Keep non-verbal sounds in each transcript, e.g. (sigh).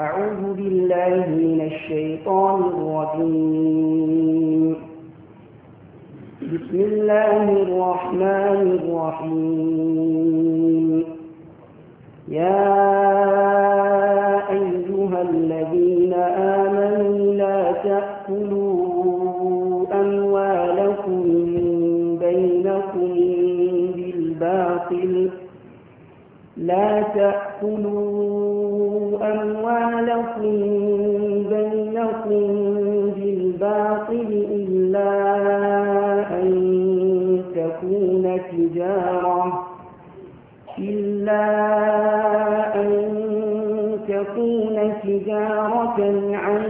أعوذ بالله من الشيطان الرجيم بسم الله الرحمن الرحيم يا أيها الذين آمنوا لا تأكلوا أموالكم بينكم بالباطل لا تأكلوا أموالكم بينكم بالباطل إلا أن تكون تجارة إلا أن تكون تجارة عن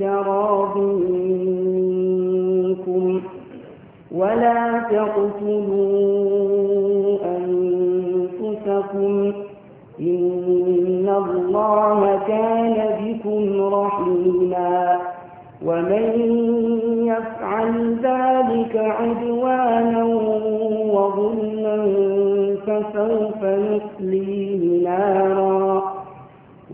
تراض منكم ولا تقتلوا أنفسكم إن الله كان بكم رحيما ومن يفعل ذلك عدوانا وظلما فسوف نسليه نارا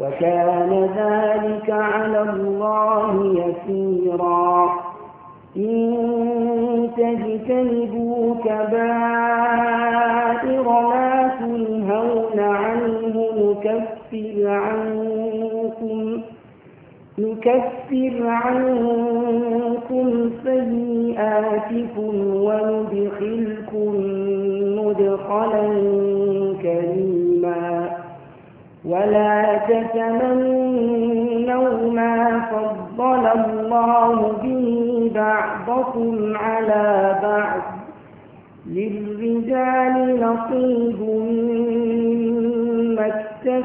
وكان ذلك على الله يسيرا إن تجتنبوا كبائر ما تنهون عنه نكفر نكفر عنكم نكفر عنكم سيئاتكم وندخلكم مدخلا كريما ولا تتمنوا ما فضل الله به بعضكم على بعض للرجال نصيب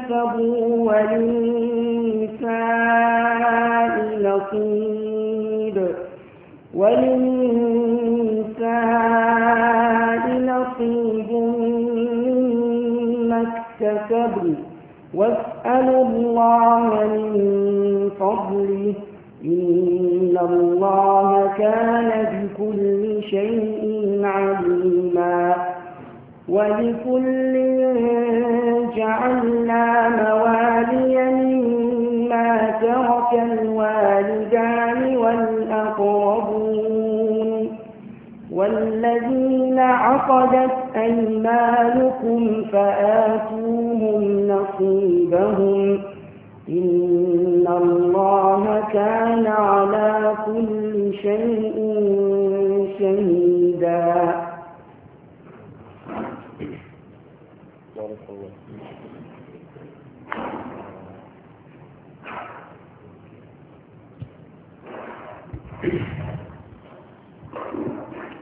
كسبوا وللنساء نصيب وللنساء نصيب مما اكتسبن واسألوا الله من فضله إن الله كان بكل شيء عليما ولكل جعلنا موالي مما ترك الوالدان والأقربون والذين عقدت أيمانكم فآتوهم نصيبهم إن الله كان على كل شيء شهيداً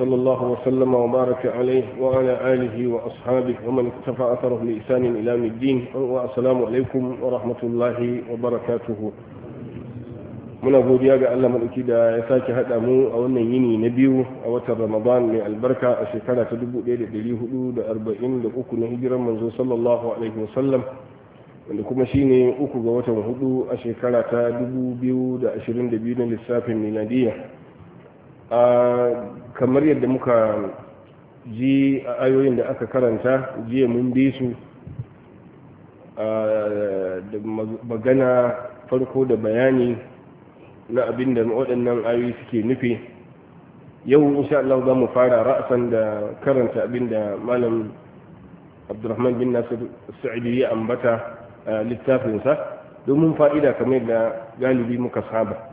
صلى الله وسلم وبارك عليه وعلى آله وأصحابه ومن اكتفى أثره بإحسان إلى الدين والسلام عليكم ورحمة الله وبركاته muna godiya ga Allah maɗauki da ya sake haɗa mu a wannan yini na biyu a watan Ramadan mai albarka a shekara ta 1443 na hijiran manzo sallallahu alaihi wanda kuma shine uku ga watan hudu a shekara ta 2022 na lissafin miladiyya kamar yadda muka ji a ayoyin da aka karanta jiya mun bi su da magana farko da bayani na abin da waɗannan ayoyi suke nufi yau insha Allah za mu fara ra'asan da karanta abin da malam abdurrahman bin nasir sa'idi ya ambata littafinsa domin fa'ida kamar da galibi muka saba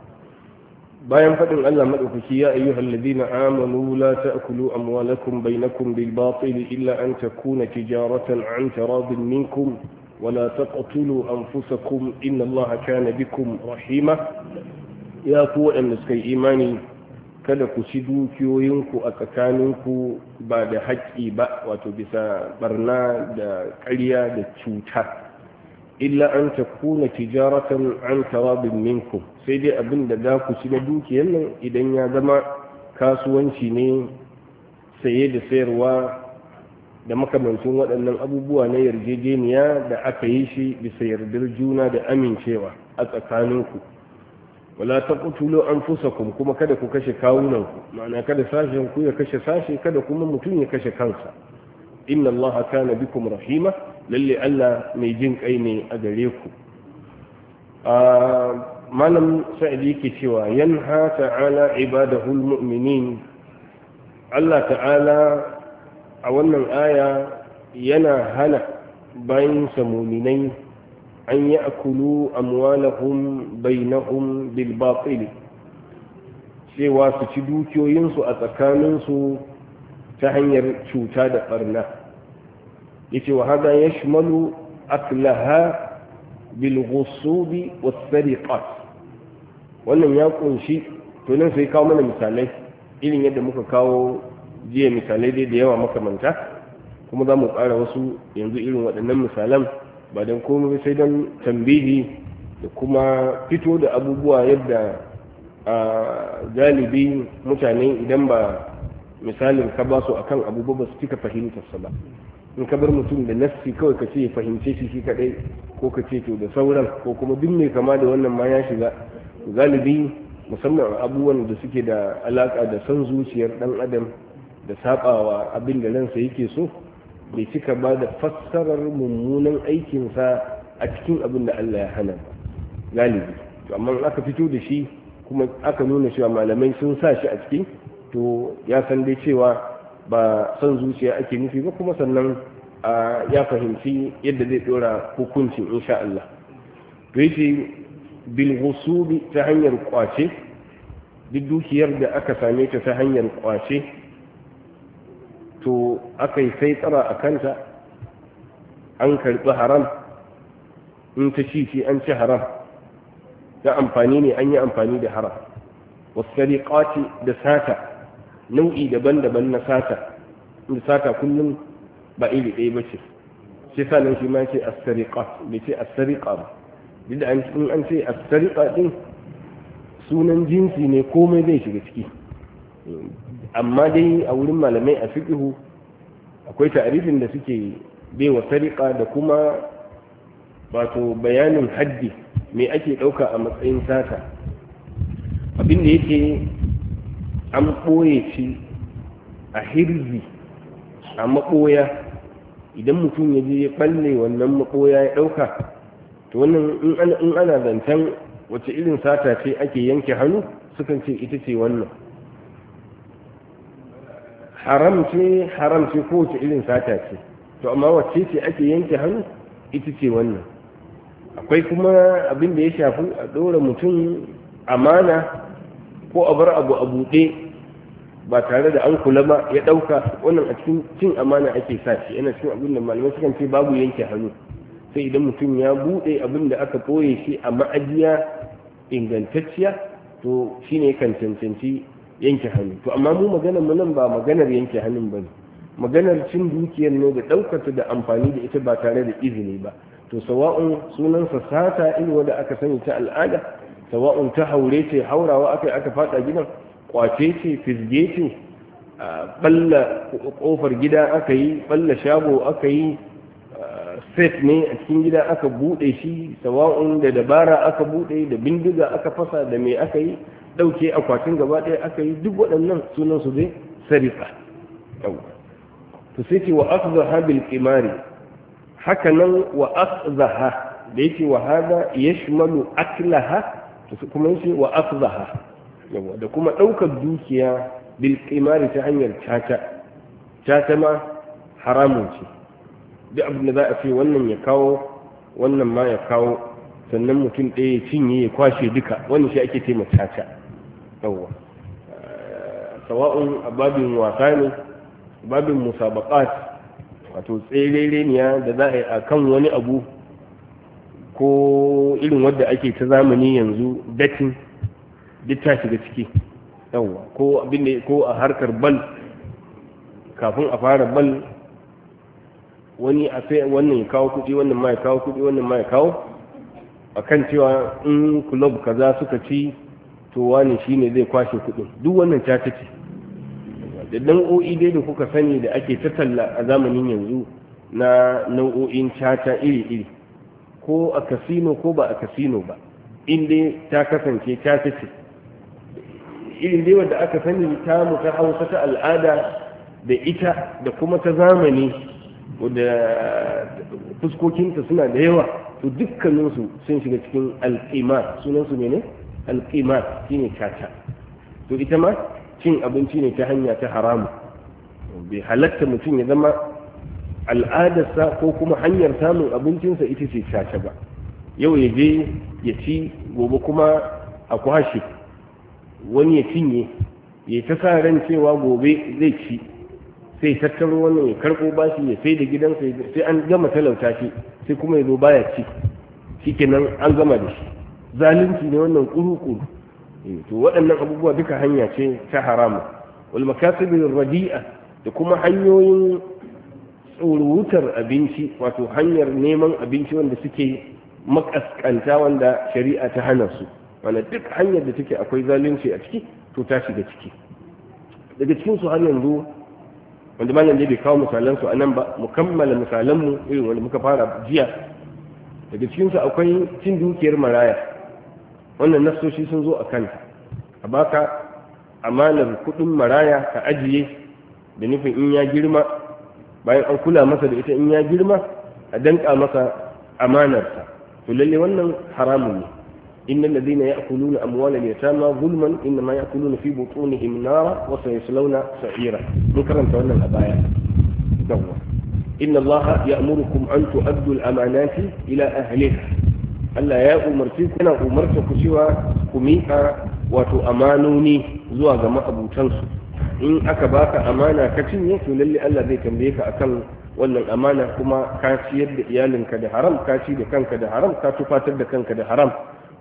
bayan faɗin Allah maɗaukaki ya ayyu halladina amanu la ta'kulu amwalakum bainakum bil batil illa an takuna tijaratan an taradin minkum ولا تقتلوا أنفسكم إن الله كان بكم رحيما يا قوة النسكي إيماني kada ku ci dukiyoyinku a tsakaninku ba da haƙƙi ba wato bisa barna da ƙarya da cuta illa an takuna tijaratan an tarabin minkum sai dai abin da za ku ci na dukiyar nan idan ya zama kasuwanci ne saye da sayarwa da makamancin waɗannan abubuwa na yarjejeniya da aka yi shi bisa yardar juna da amincewa a tsakaninku wala taqtulu anfusakum kuma kada ku kashe kawunanku ma'ana kada sashen ku ya kashe sashe kada kuma mutum ya kashe kansa inna allaha kana bikum rahima lalle Allah mai jin kai ne a gare ku A malam sa'idi ke cewa yanha ta'ala ibadahul mu'minin Allah ta'ala a wannan aya yana hana bayan samuninai an yi akulu amwalahum bainahum bil batil cewa su ci dukiyoyinsu a tsakaninsu ta hanyar cuta da ɓarna yace wa hada yashmalu aklaha bil ghusubi was sariqat wannan ya ƙunshi to nan sai kawo mana misalai irin yadda muka kawo jiya misalai dai da yawa makamanta kuma za mu ƙara wasu yanzu irin waɗannan misalan ba don komai sai don tambayi da kuma fito da abubuwa yadda a galibi mutane idan ba misalin ka ba su kan abubuwa ba su cika fahimtarsa ba in ka bar mutum da nassi kawai ka ce fahimce shi shi kadai ko ka ce to da sauran ko kuma duk mai kama da wannan ma ya shiga galibi musamman abubuwan da suke da alaka da san zuciyar dan adam da sabawa abin da ransa yake so bai cika ba da fassarar mummunan aikinsa a cikin abin da Allah ya hana galibi to amma aka fito da shi kuma aka nuna cewa malamai sun sa shi a ciki to ya san dai cewa ba son zuciya ake nufi ba kuma sannan ya fahimci yadda zai dora hukuncin insha Allah to yace bil ghusubi ta hanyar kwace duk dukiyar da aka same ta ta hanyar kwace to aka yi sai tsara a kanta an karɓi haram in ta ci ci an ci haram da amfani ne an yi amfani da haram wasu da sata nau'i daban-daban na sata inda sata kullum ba iri ɗaya ba ce shi sa nan shi ma ce asariƙa bai ce asariƙa ba duk da in an ce asariƙa ɗin sunan jinsi ne komai zai shiga ciki amma dai a wurin malamai a fiƙihu akwai ta'arifin da suke baiwa sariƙa da kuma wato bayanin haddi me ake ɗauka a matsayin sata abin da yake an ɓoye shi a hirzi a maɓoya idan mutum ya je ya ɓalle wannan maɓoya ya ɗauka to wannan in ana zancen wace irin sata ce ake yanke hannu sukan ce ita ce wannan haram ce haram ce kowace irin sata ce to amma wacce ce ake yanke hannu ita ce wannan akwai kuma abin da ya shafi a ɗora mutum amana ko a bar abu a buɗe ba tare da an kula ba ya ɗauka wannan a cikin cin amana ake sa shi yana cikin abin da malamai sukan ce babu yanke hannu sai idan mutum ya buɗe abin da aka ɓoye shi a ma'ajiya ingantacciya to shine kan cancanci yanke hannu to amma mu maganar mu nan ba maganar yanke hannun ba ne maganar cin dukiyar ne da ɗaukata da amfani da ita ba tare da izini ba to sawa'un sunansa sata irin wanda aka sani ta al'ada sawa'un ta haure ce haurawa aka aka faɗa gidan kwace ce fizge ce balla kofar gida aka yi balla shago aka yi set ne a cikin gida aka bude shi sawa'un da dabara aka bude da bindiga aka fasa da me aka yi dauke akwatin gaba ɗaya aka yi duk waɗannan sunan su zai sarika to sai ce wa akhdha bil haka nan wa akhdha da yake wa hada yashmalu aklaha kuma yace wa afzaha yawa da kuma daukar dukiya bil qimar ta hanyar tata tata ma haramun ce duk abin da za a ce wannan ya kawo wannan ma ya kawo sannan mutum ɗaya ya cinye ya kwashe duka wannan shi ake taimaka tata yawa eh, sawa'un a babin wasa ne babin musabaqat wato tserereniya da za a yi a kan wani abu ko irin wadda ake ta zamani yanzu datin duk ta shiga ciki yawwa ko abin da ko a harkar bal kafin a fara bal wani a sai wannan ya kawo kuɗi wannan ma kawo kuɗi wannan ma kawo a kan cewa in kulob kaza suka ci to wani shine zai kwashe kuɗin duk wannan ta ce da nau'o'i dai da kuka sani da ake ta talla a zamanin yanzu na nau'o'in cata iri-iri ko a kasino ko ba a kasino ba inda ta kasance ta fice irin dai wanda aka sani ta mu hausa ta al'ada da ita da kuma ta zamani da fuskokinta suna da yawa to dukkaninsu sun shiga cikin alƙimar sunansu ne ne shine caca to ita ma cin abinci ne ta hanya ta haramu bai halatta mutum ya zama al'adarsa ko kuma hanyar samun abincinsa ita ce caca ba yau ya je ya ci gobe kuma a kwashe wani ya cinye ya ta sa ran cewa gobe zai ci sai tattaro wannan ya karɓo bashi ya sai da gidansa sai an gama talauta shi sai kuma ya zo baya ci shikenan an gama da shi zalunci ne wannan kuru-kuru eh, to waɗannan abubuwa duka hanya ce ta haramu wal makasibin radi'a da kuma hanyoyin tsurutar abinci wato hanyar neman abinci wanda suke makaskanta wanda shari'a ta hana su wanda duk hanyar da take akwai zalunci a ciki to ta shiga ciki daga cikin su har yanzu wanda ma da bai kawo misalan su anan ba mu kammala misalan mu irin wanda muka fara jiya daga cikin su akwai cin dukiyar maraya wannan nasoshi sun zo a kan a baka amanar kudin maraya ka ajiye da nufin in ya girma bayan an kula masa da ita in ya girma a danka masa amanarsa to lalle wannan haramun ne innal ladhina ya'kuluna amwalal yatama zulman inma ya'kuluna fi butunihim nara wa sayaslawna sa'ira mun karanta wannan a baya dawwa inna allaha ya'murukum an tu'addu amanati ila ahliha Allah ya umarci ku yana umarta ku cewa ku miƙa wato amanoni zuwa ga ma'abutansu in aka baka amana ka cinye to lalle Allah zai tambaye ka akan wannan amana kuma ka ciyar da iyalinka da haram ka ci da kanka da haram ka tufatar da kanka da haram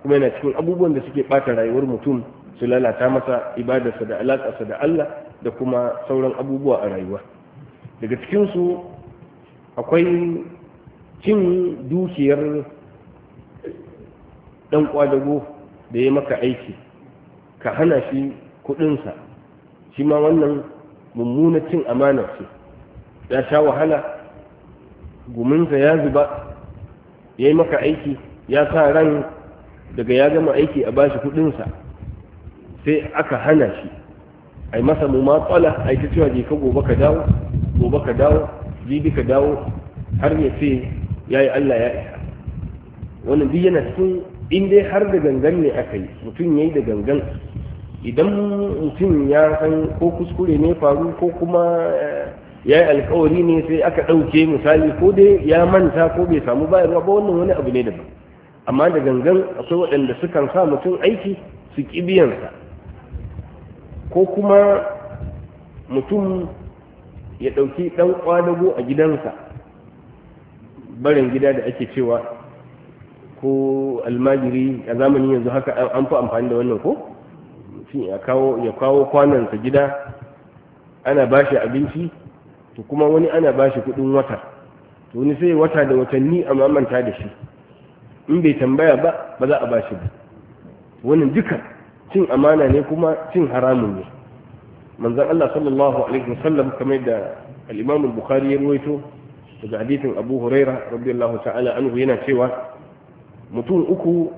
kuma yana cikin abubuwan da suke bata rayuwar mutum su lalata masa ibadarsa da alaƙarsa da Allah da kuma sauran abubuwa a rayuwa daga cikin su akwai cin dukiyar dan kwadago da ya maka aiki ka hana shi kuɗinsa shi ma wannan mummunan cin amana ce ya sha wahala guminsa ya zuba ya yi maka aiki ya sa ran daga ya gama aiki a bashi kudinsa sai aka hana shi a yi masa mu tsala ai ta cewa je ka gobe ka dawo gobe ka dawo jibi ka dawo har ya ce ya yi Allah ya isa wannan duk yana cikin in har da gangan ne aka yi mutum ya yi da gangan idan mutum ya san ko kuskure ne faru ko kuma eh, ya yi alkawari ne sai aka ɗauke misali ko dai ya manta ko bai samu bayan ba wannan wani abu ne daban amma da gangan akwai waɗanda sukan sa mutum aiki su ƙi biyansa ko kuma mutum ya ɗauki ɗan ƙwadago a gidansa barin gida da ake cewa ko almajiri a zamanin yanzu haka an fi amfani da wannan ko ya kawo kwanansa gida ana bashi abinci to kuma wani ana ba shi kudin wata to wani sai wata da watanni a manta da shi in bai tambaya ba ba za a ba shi ba wani duka cin amana ne kuma cin haramun ne manzan Allah sallallahu alaihi wasallam kamar da al-Imam al-Bukhari ya ruwaito daga hadisin Abu Huraira radiyallahu ta'ala anhu yana cewa mutum uku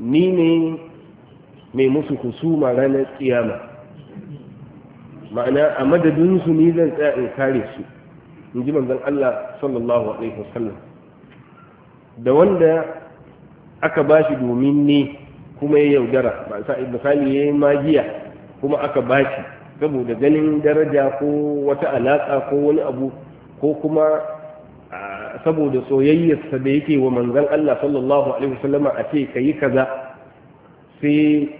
ni ne mai musu kusuma ranar tsiyama ma'ana a madadin su ni zan tsaya in kare su in ji manzan Allah sallallahu alaihi wasallam da wanda aka bashi domin ne kuma ya yaudara ba misali ya yi magiya kuma aka bashi saboda ganin daraja ko wata alaka ko wani abu ko kuma saboda soyayyarsa da yake wa manzan Allah sallallahu alaihi wasallama a ce ka yi kaza sai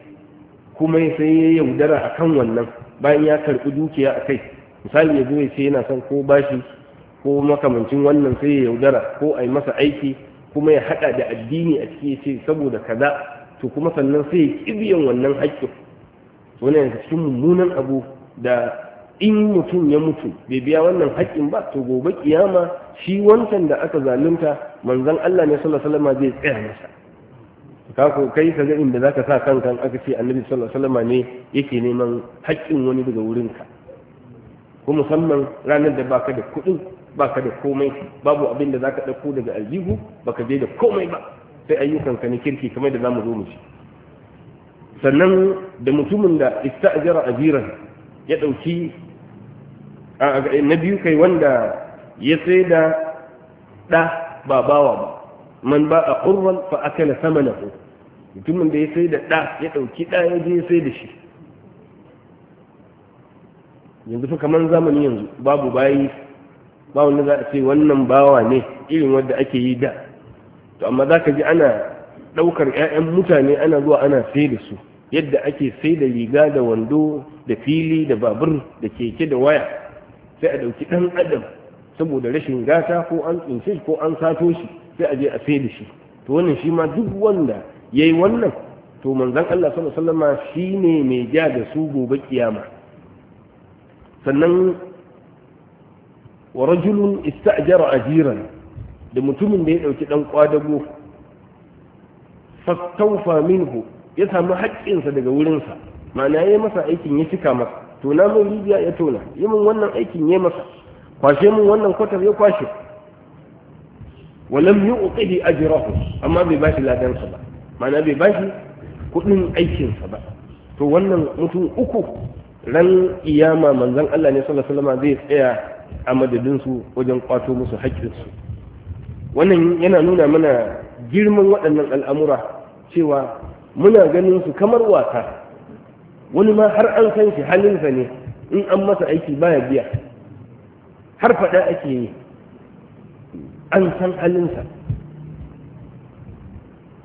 kuma sai ya yaudara a kan wannan bayan ya karɓi dukiya a kai misali ya zo ya ce yana son ko bashi ko makamancin wannan sai ya yaudara ko a yi masa aiki kuma ya haɗa da addini a cikin ya ce saboda kaza to kuma sannan sai ya kibiyan wannan haƙƙin wani yanzu cikin mummunan abu da in mutum ya mutu bai biya wannan haƙƙin ba to gobe kiyama shi wancan da aka zalunta manzon Allah ne sallallahu alaihi wasallam zai tsaya masa ka ko kai ka ga inda zaka sa kanka aka ce annabi sallallahu alaihi wasallam ne yake neman haƙƙin wani daga wurinka ko musamman ranar da baka da kuɗin baka da komai babu abin da zaka ɗauko daga aljihu baka je da komai ba sai ayyukan ka na kirki kamar da zamu zo mu ci sannan da mutumin da ista'jara ajiran ya ɗauki na biyu kai wanda ya sai da ɗa ba bawa ba man ba a ƙurran fa akala ku. mutumin da ya sai da ɗa ya ɗauki ɗa ya je ya sai da shi yanzu fa kamar zamani yanzu babu bayi ba wanda za a ce wannan bawa ne irin wanda ake yi da to amma za ka ji ana ɗaukar 'ya'yan mutane ana zuwa ana sai da su yadda ake sai da riga da wando da fili da babur da keke da waya sai a ɗauki ɗan adam saboda rashin gata ko an tsinci ko an sato shi sai a je a sai da shi to wannan shi ma duk wanda Ya yi wannan to manzan Allah sallallahu alaihi wasallama ne mai ja da su gobe kiyama sannan wa rajulun ista'jara ajiran da mutumin da ya dauki dan kwadago fastawfa minhu ya samu haƙƙinsa daga wurinsa ma'ana ya yi masa aikin ya cika masa to na min rijiya ya tona yi min wannan aikin ya masa kwashe min wannan kwatar ya kwashe walam yi uƙihi ajirahu amma bai ba shi ladansa ba mana bai bashi kudin aikinsa ba to wannan mutum uku ran iyama manzon Allah ne sallallahu alaihi wasallam zai tsaya a madadin su wajen kwato musu haƙƙinsu wannan yana nuna mana girman waɗannan al'amura cewa muna ganin su kamar wasa wani ma har an san shi halinsa ne in an masa aiki baya biya har faɗa ake yi an san halinsa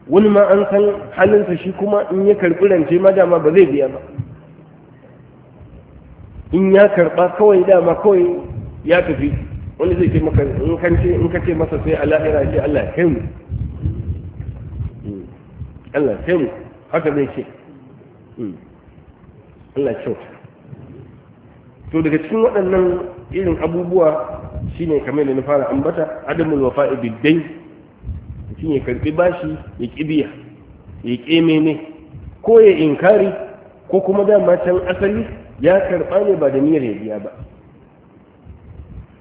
wani ma an san halinsa shi kuma in ya karɓi rance ma dama ba zai biya ba in ya karɓa kawai dama kawai ya tafi wani zai ce maka in in ka ce masa sai ala ya ce Allah ya mu Allah ya hmm. mu haka zai ce hmm. Allah ya to daga cikin waɗannan irin abubuwa shine kamar da na fara ambata adamul wafa'i bid mutum ya karbi bashi ya kibiya ya keme ne ko ya inkari ko kuma dama can asali ya karba ne ba da niyyar ya biya ba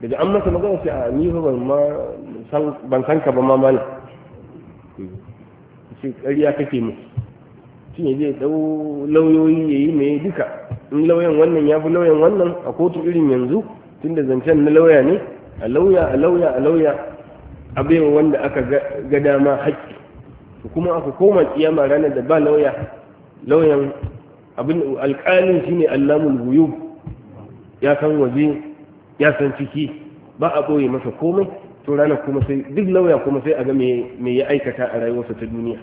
daga an masa magana a ni ba ban san ka ba ma mana sai kariya kake mu shi ne zai dau lauyoyi ya yi mai duka in lauyan wannan ya fi lauyan wannan a kotu irin yanzu Tun tunda zancen na lauya ne a lauya a lauya a lauya a wanda aka ga dama haƙƙi kuma aka koma tsiyama ranar da ba lauya lauyan abin alƙalin shine allamun buyu ya san waje ya san ciki ba a ɓoye masa komai to ranar kuma sai duk lauya kuma sai a ga me ya aikata a rayuwarsa ta duniya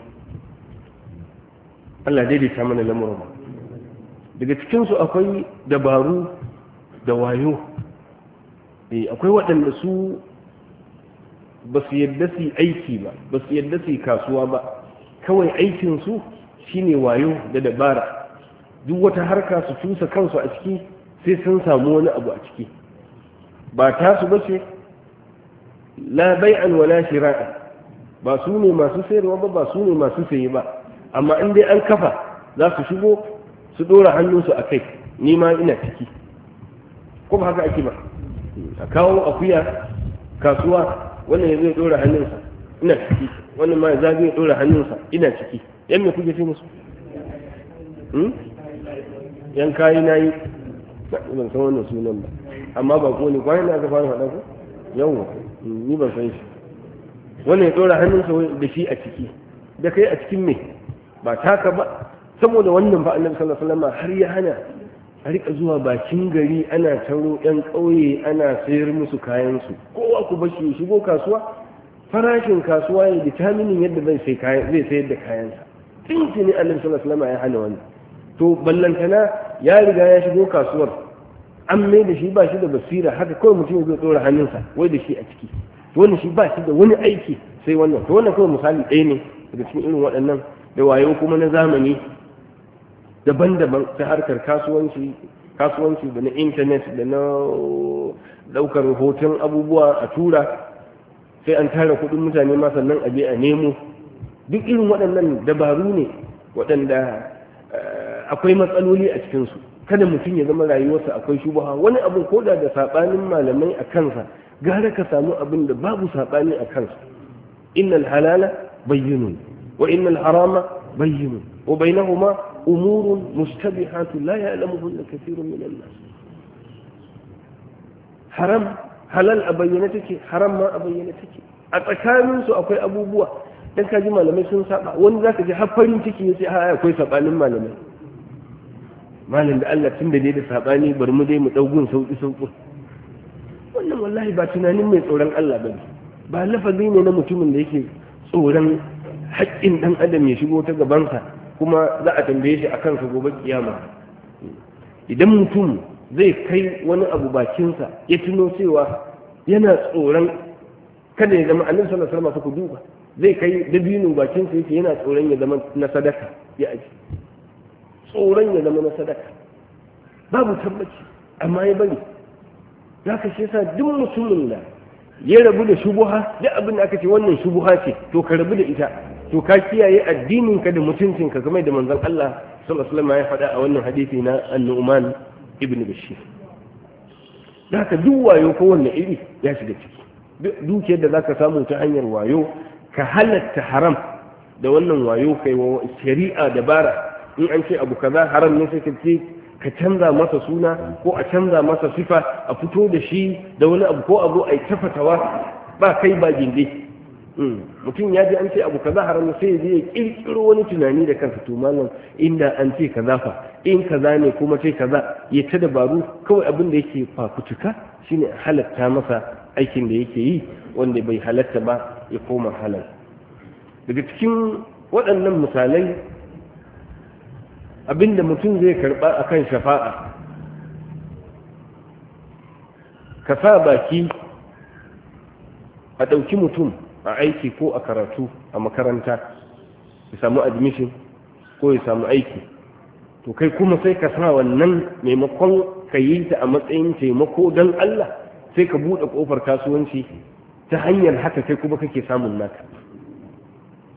Allah ta mana lamurin daga cikinsu akwai dabaru da wayo eh, akwai waɗanda su ba su yadda su aiki ba ba su yadda su kasuwa ba kawai aikinsu shi ne wayo da dabara duk wata harka su cusa kansu a ciki sai sun samu wani abu a ciki ba tasu ba ce la bai'an wala shira'a ba su ne masu sayarwa ba ba su ne masu saye ba amma in dai an kafa za su shigo su dora hannunsu a kai ni ma ina ciki ko haka ake ba a kawo akuya kasuwa wannan ya zai dora hannunsa ina ciki wannan ma za zai dora hannunsa ina ciki yan me kuke ce musu hmm? yan kayi na yi ban san wannan sunan ba amma ba ko ne kwanan da aka fara haɗa ku yawwa ni ban san shi wannan ya dora hannunsa da shi a ciki da kai a cikin me ba taka ba saboda wannan ba annabi sallallahu alaihi wasallam har ya hana a rika zuwa bakin gari ana taro yan kauye ana sayar musu kayansu kowa ku bashi shigo kasuwa farashin kasuwa ya taminin yadda zai sayar da kayansa tun ne annabi sallallahu alaihi wasallam ya hana wannan to ballantana ya riga ya shigo kasuwar an mai da shi ba shi da basira haka kawai mutum ya zai tsora hannunsa wai da shi a ciki wani shi ba shi da wani aiki sai wannan to wannan kawai misali ɗaya ne daga cikin irin waɗannan da wayo kuma na zamani daban-daban ta harkar kasuwanci kasuwanci da na intanet da na daukar hoton abubuwa a tura sai an tara kudin mutane ma sannan a je a nemo duk irin waɗannan dabaru ne waɗanda eh, akwai matsaloli a cikinsu kada mutum ya zama rayuwarsa akwai shubaha wani abin ko da saɓanin malamai a kansa gara ka samu abin da babu saɓani a kansa innal halala bayyinun wa innal harama bayyinun wa bainahuma أمور مشتبهات لا يعلمهن كثير من الناس حرام halal a bayyane take haram ma a bayyane take a tsakanin akwai abubuwa dan ka malamai sun saba wani zaka je har farin ciki yace a akwai sabanin malamai malam da Allah tunda dai da sabani bari mu dai mu daugun sauki sauki wannan wallahi ba tunanin mai tsoron Allah bane ba lafazi ne na mutumin da yake tsoron haƙƙin ɗan adam ya shigo ta gabansa kuma za a tambaye shi akan sa gobe kiyama idan mutum zai kai wani abu bakinsa ya tuno cewa yana tsoron kada ya zama annabi sallallahu alaihi wasallam ku duba zai kai dabino bakinsa yake yana tsoron ya zama na sadaka ya aji tsoron ya zama na sadaka babu tabbaci amma ya bari za ka shi yasa duk mutumin da ya rabu da shubuha duk abin da aka ce wannan shubuha ce to ka rabu da ita to ka kiyaye addininka da ka kamar da manzon Allah sallallahu alaihi wasallam ya faɗa a wannan hadisi na An-Nu'man ibn Bashir haka duk wayo ko wanne iri ya shiga ciki dukiyar da zaka samu ta hanyar wayo ka halatta haram da wannan wayo kai wa shari'a dabara in an ce abu kaza haram ne sai ka ce ka canza masa suna ko a canza masa sifa a fito da shi da wani abu ko a a yi tafatawa ba kai ba gindi Mm. mutum ya ji an ce abu kaza haram sai zai ya kirkiro wani tunani da kansa to malam inda an ce kaza fa in kaza ne kuma ce kaza ya ta dabaru kawai abin da yake fafutuka shine halatta masa aikin da yake yi wanda bai halatta ba ya koma halal daga cikin waɗannan misalai abinda mutum zai karɓa akan shafa'a ka sa baki a ɗauki mutum a aiki ko a karatu a makaranta ya samu admission ko ya samu aiki to kai kuma sai ka sa wannan maimakon ka yi ta a matsayin taimako don Allah sai ka buɗe ƙofar kasuwanci ta hanyar haka kai kuma kake samun naka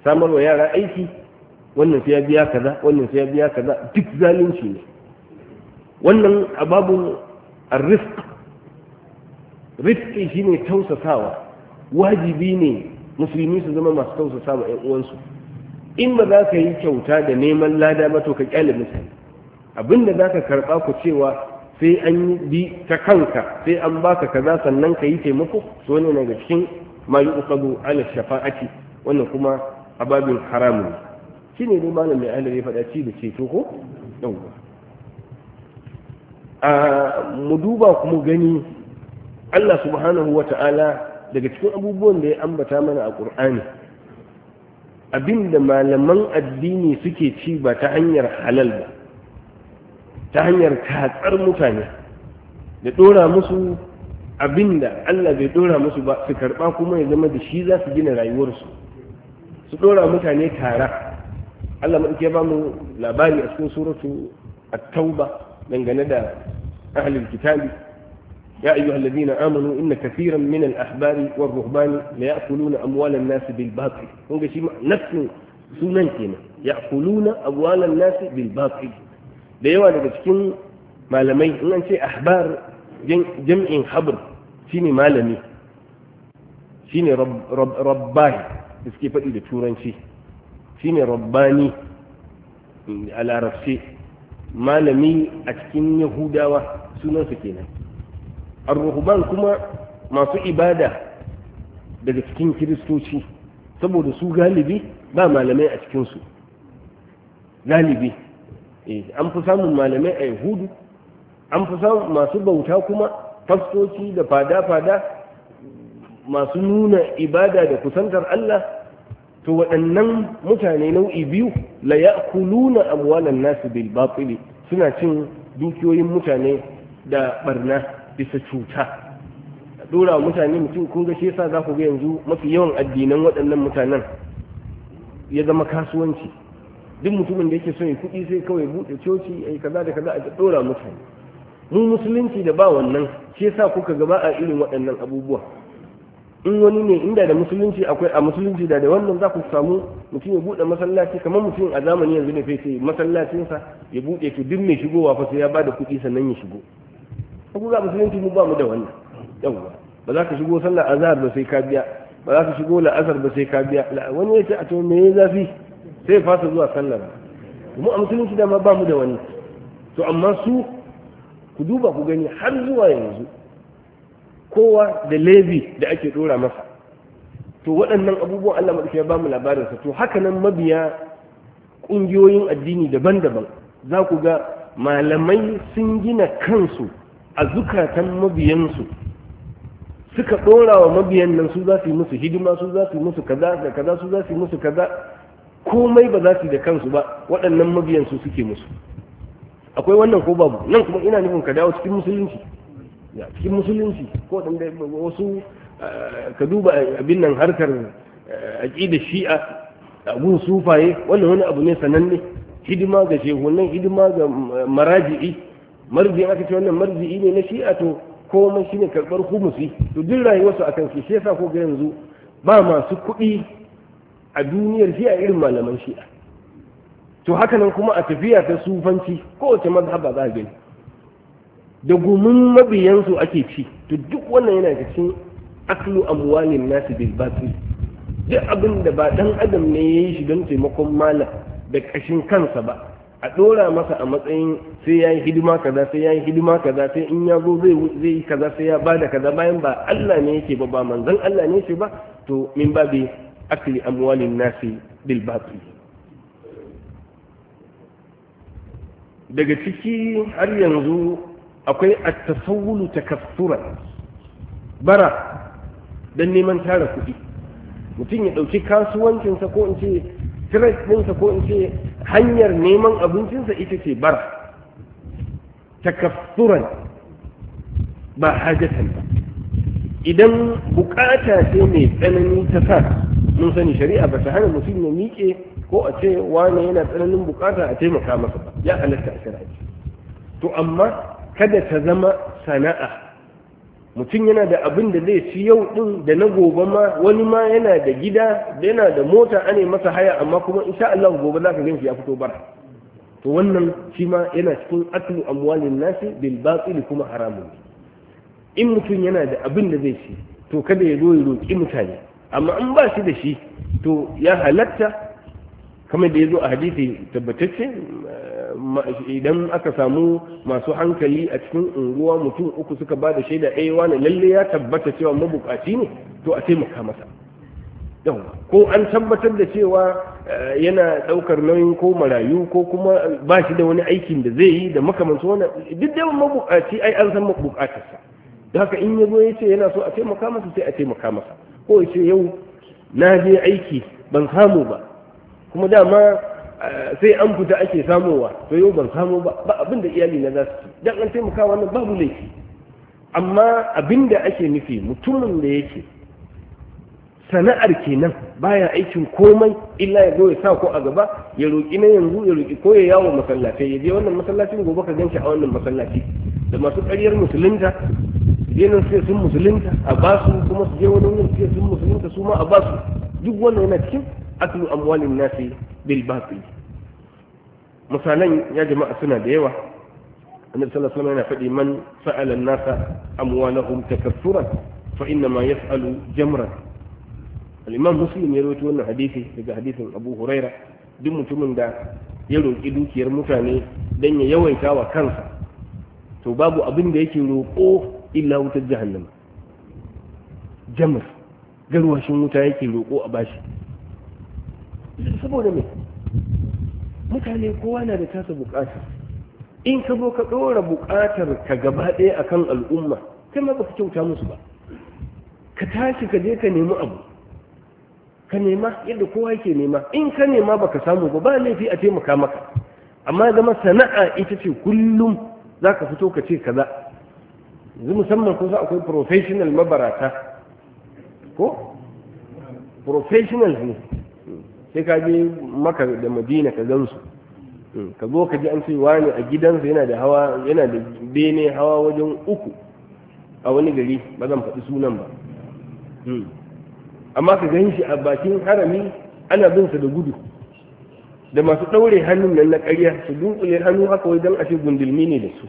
samar wa yara aiki wannan sai ya biya kaza wannan sai ya biya kaza duk zalunci ne wannan a ababun arrisk rifki shine tausasawa wajibi ne musulmi su zama masu su samu 'yan uwansu in ba za ka yi kyauta da neman lada ba to ka kyale abin abinda za ka karɓa ku cewa sai an bi ta kanka sai an baka kaza sannan ka yi taimako to ne daga cikin ma yi ala shafa'ati wannan kuma ababin haramun shi ne malam mai alare faɗa ci da ceto ko yauwa a ah, mu duba kuma gani Allah subhanahu wa ta'ala daga cikin abubuwan da ya ambata mana a ƙur'ani abinda malaman addini suke ci ba ta hanyar halal ba ta hanyar tatsar mutane da ɗora musu abinda Allah bai ɗora musu ba su karɓa kuma ya zama da shi za su gina rayuwarsu su ɗora mutane tara Allah maɗauke ba mu labari a cikin suratu at-tauba dangane da ahlul kitabi يا أيها الذين آمنوا إن كثيرا من الأحبار والرهبان ليأكلون أموال الناس بالباطل نفس سنن كنا يأكلون أموال الناس بالباطل da yawa daga cikin malamai in an ce ahbar jam'in habr shine malami shine rabbani da suke faɗi da turanci shine rabbani a larabci malami a cikin yahudawa sunansa kenan ar-ruhban kuma masu ibada daga cikin kiristoci saboda su galibi ba malamai a cikinsu galibi eh, an fi samun malamai a yahudu an fi samun masu bauta kuma fastoci da fada-fada masu nuna ibada da kusantar Allah to waɗannan mutane nau'i biyu la ya'kuluna amwalan nasu bil batili suna cin dukiyoyin mutane da barna bisa cuta dora mutane mutum kun ga shi yasa za ku ga yanzu mafi yawan addinan waɗannan mutanen ya zama kasuwanci duk mutumin da yake son ya kuɗi sai kawai buɗe coci ai kaza da kaza a dora mutane mu musulunci da ba wannan shi yasa kuka gaba a irin waɗannan abubuwa in wani ne inda da musulunci akwai a musulunci da da wannan za ku samu mutum ya buɗe masallaci kamar mutum a zamani yanzu ne fa sai masallacinsa ya buɗe to duk mai shigowa fa sai ya bada kuɗi sannan ya shigo abubuwa musulunci mu ba mu da wannan yawwa ba za ka shigo sallar azhar ba sai ka biya ba za ka shigo la'asar ba sai ka biya wani ya ce a to me zafi sai fasa zuwa sallar mu a musulunci dama ba mu da wannan to amma su ku duba ku gani har zuwa yanzu kowa da levi da ake dora masa to waɗannan abubuwan Allah maɗauki ya ba mu labarinsa to haka nan mabiya ƙungiyoyin addini daban-daban za ku ga malamai sun gina kansu a zukatan mabiyansu suka ɗora wa mabiyan nan su za su yi musu hidima su za su yi musu kaza da kaza su za su yi musu kaza komai ba za su yi da kansu ba waɗannan mabiyansu suke musu akwai wannan ko babu nan kuma ina nufin ka dawo cikin musulunci ya cikin musulunci ko dan da wasu eh, ka duba abin nan harkar eh, aqida shi'a abun sufaye wannan wani abu ne sananne hidima ga shehunan hidima ga mm, maraji'i marzi aka ce wannan marzi ne na shi'a to komai shine karɓar humusi to duk rayuwarsu a shi shi yasa ko ga yanzu ba masu kuɗi a duniyar shi'a irin malaman shi'a to haka nan kuma a tafiya ta sufanci kowace mazhaba za a gani da gumin mabiyansu ake ci to duk wannan yana da cikin aklu amwalin nasu bil batil duk abin da ba dan adam ne yayi shi don taimakon mala da kashin kansa ba a ɗora masa a matsayin sai ya yi hidima kaza sai ya yi hidima kaza sai in ya zo zai yi kaza sai ya bada kaza bayan ba Allah ne yake ba ba manzon Allah ne yake ba to min ba bi akli amwalin nasi bil batil daga ciki har yanzu akwai at-tasawwulu takaffura bara dan neman tara kuɗi mutum ya ɗauki kasuwancinsa ko in ce trade ɗinsa ko in ce hanyar neman abincinsa ita ce bara ta kafturan ba hajjatan ba idan bukata ce mai tsanani ta sa mun sani shari'a ba ta hana mutum ya miƙe ko a ce wane yana tsananin bukata a taimaka masa ba ya halatta a shari'a to amma kada ta zama sana'a mutum yana da abin da zai ci yau din da na gobe ma wani ma yana da gida da yana da mota ane masa haya amma kuma in sha Allah gobe za ka gan shi ya fito bara to wannan shi ma yana cikin aklu amwalin nasi bil batil kuma haramun in mutum yana da abin da zai ci to kada ya zo ya roki mutane amma in ba shi da shi to ya halatta kamar da ya zo a hadisi tabbatacce idan aka samu masu hankali a cikin unguwa mutum uku suka ba da shaida ɗaya eh, wani lalle ya tabbata cewa mabukaci ne to a taimaka masa ko an tabbatar da cewa eh, yana ɗaukar nauyin ko marayu ko kuma ba shi da wani aikin da zai yi da makamansu wani duk da mabukaci ai an san mabukatarsa da haka in ya zo ya ce yana so a taimaka masa sai a taimaka masa ko ya ce yau na je aiki ban samu ba kuma dama sai an fita ake samowa to yau ban samu ba ba abin iyali na za su dan an taimaka wannan babu laifi amma abinda ake nufi mutumin da yake sana'ar kenan baya aikin komai illa ya zo ya sa ko a gaba ya roƙi na yanzu ya roƙi ko ya yawo masallatai ya je wannan masallacin gobe ka ganshi a wannan masallaci da masu ƙaryar musulunta je nan sai sun musulunta a basu kuma su je wani wurin sai sun musulunta su ma a basu duk wannan yana cikin aklu amwalin nasi bil batil misalan ya jama'a suna da yawa annabi sallallahu alaihi wasallam yana faɗi man sa'ala an-nasa amwalahum takaththuran fa inna ma yas'alu jamran al-imam muslim ya rawaito wannan hadisi daga hadisin abu huraira duk mutumin da ya roƙi dukiyar mutane dan ya yawaita wa kansa to babu abin da yake roƙo illa wutar jahannama jamr garwashin wuta yake roƙo a bashi saboda me mutane kowa na da tasa bukata in ka zo ka ɗora bukatar ka gaba ɗaya akan al'umma kai ma ka kyauta musu ba ka tashi ka je ka nemi abu ka nema yadda kowa yake nema in ka nema baka samu ba ba laifi a taimaka maka amma zama sana'a ita ce kullum za ka fito ka ce kaza yanzu musamman kusa akwai professional mabarata ko professional ne sai ka je maka da madina ka gansu hmm, ka zo ka ji an ce wani a gidansa yana da hawa yana da bene hawa wajen uku a wani gari ba zan faɗi sunan ba hmm, amma ka gan shi a bakin harami ana bin sa da gudu da masu ɗaure hannun nan na ƙarya su dunkule hannu haka wai don ce gundulmi ne da su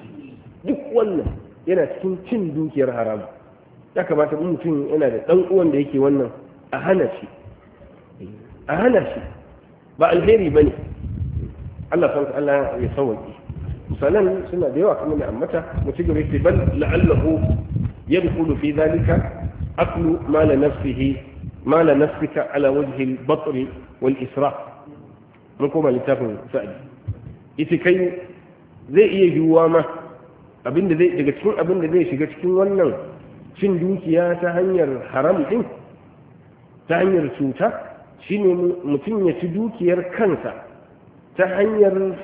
duk wannan yana cikin cin dukiyar haram ya kamata mutum yana da ɗan uwan da yake wannan a hana shi a hana shi ba alheri ba ne Allah san Allah ya sauwaƙe misalan suna da yawa kuma da ammata mu ci gaba ce bal la'allahu yadkhulu fi dhalika aklu ma la nafsihi ma la nafsika ala wajhi al-batr wal isra mun koma littafin sa'adi ita kai zai iya yiwuwa ma abinda zai daga cikin abinda zai shiga cikin wannan cin dukiya ta hanyar haram din ta hanyar cuta shine mutum ya ci dukiyar kansa ta hanyar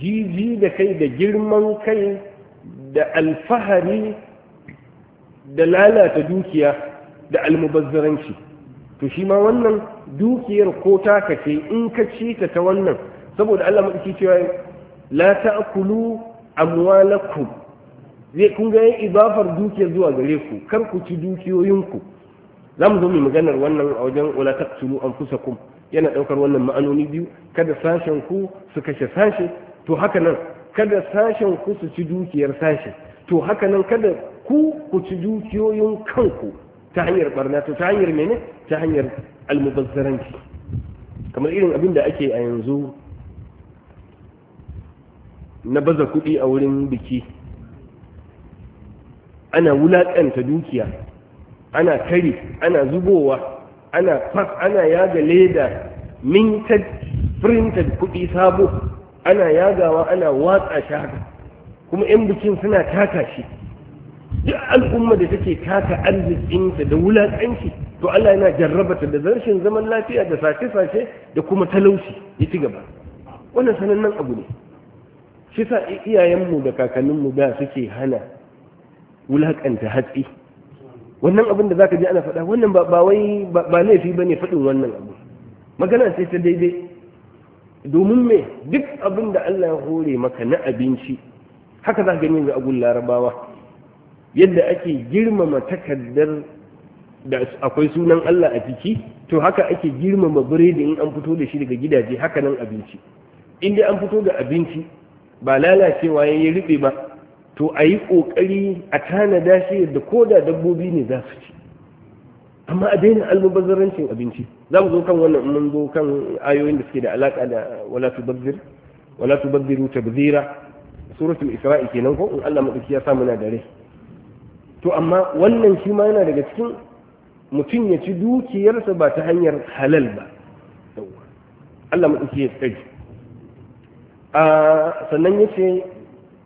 jiji da kai da girman kai da alfahari da lalata dukiya da almubazzaranci to shi ma wannan dukiyar ko ta kace in ka ci ta ta wannan saboda Allah madaki cewa la ta'kulu amwalakum zai kun ga ibafar dukiya zuwa gare ku kar ku ci dukiyoyinku za mu zo mu maganar wannan a wajen wala kusa kum yana ɗaukar wannan ma'anoni biyu kada sashen ku su kashe sashe to haka nan kada sashen ku su ci dukiyar sashe to haka nan kada ku ku ci dukiyoyin kanku ta hanyar barna to ta hanyar mene ta hanyar almubazzaranci kamar irin abin da ake a yanzu na baza kuɗi a wurin biki ana wulaƙanta dukiya ana kari ana zubowa ana fas ana yaga leda minted printed kuɗi sabo ana yagawa ana watsa shi haka kuma 'yan bikin suna taka shi duk al'umma da take taka arzikinta da wulaƙanci to Allah yana jarrabata da zarshin zaman lafiya da sace-sace da kuma talauci ya ci gaba wannan sanannen abu ne shi sa iyayenmu da kakanninmu da suke hana wulaƙanta hatsi wannan abin da zaka ji ana faɗa wannan ba wai ba laifi bane faɗin wannan abu magana sai ta daidai domin me duk abin da Allah ya hore maka na abinci haka za ka gani ga agun larabawa yadda ake girmama takardar da akwai sunan Allah a ciki to haka ake girmama biredi in an fito da shi daga gidaje haka nan abinci in dai an fito da abinci ba lalacewa ya yi ba to a yi ƙoƙari a tanada shi yadda ko da dabbobi ne za su ci amma a daina almubazzarancin abinci za mu zo kan wannan mun zo kan ayoyin da suke da alaƙa da wala tubazzir wala tubazziru tabzira suratul isra'i kenan ko in Allah madauki ya sa muna dare to amma wannan shi ma yana daga cikin mutum ya ci dukiyarsa ba ta hanyar halal ba Allah madauki ya tsare a ah, sannan yace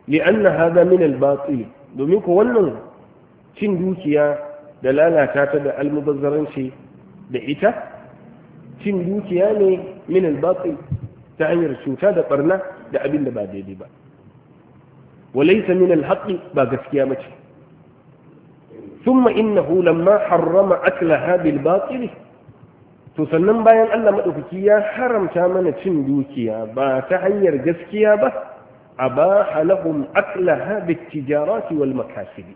li hada min al-batil domin ko wannan cin dukiya da lalata ta da almubazzaranci da ita cin dukiya ne min al-batil ta hanyar cuta da barna da abin da ba daidai ba walaysa min al-haqqi ba gaskiya mace ثم إنه لما حرم أكلها بالباطل to sannan bayan Allah maɗaukaki ya haramta mana cin dukiya ba ta hanyar gaskiya ba abaha lahum aklaha bitijarati wal makasibi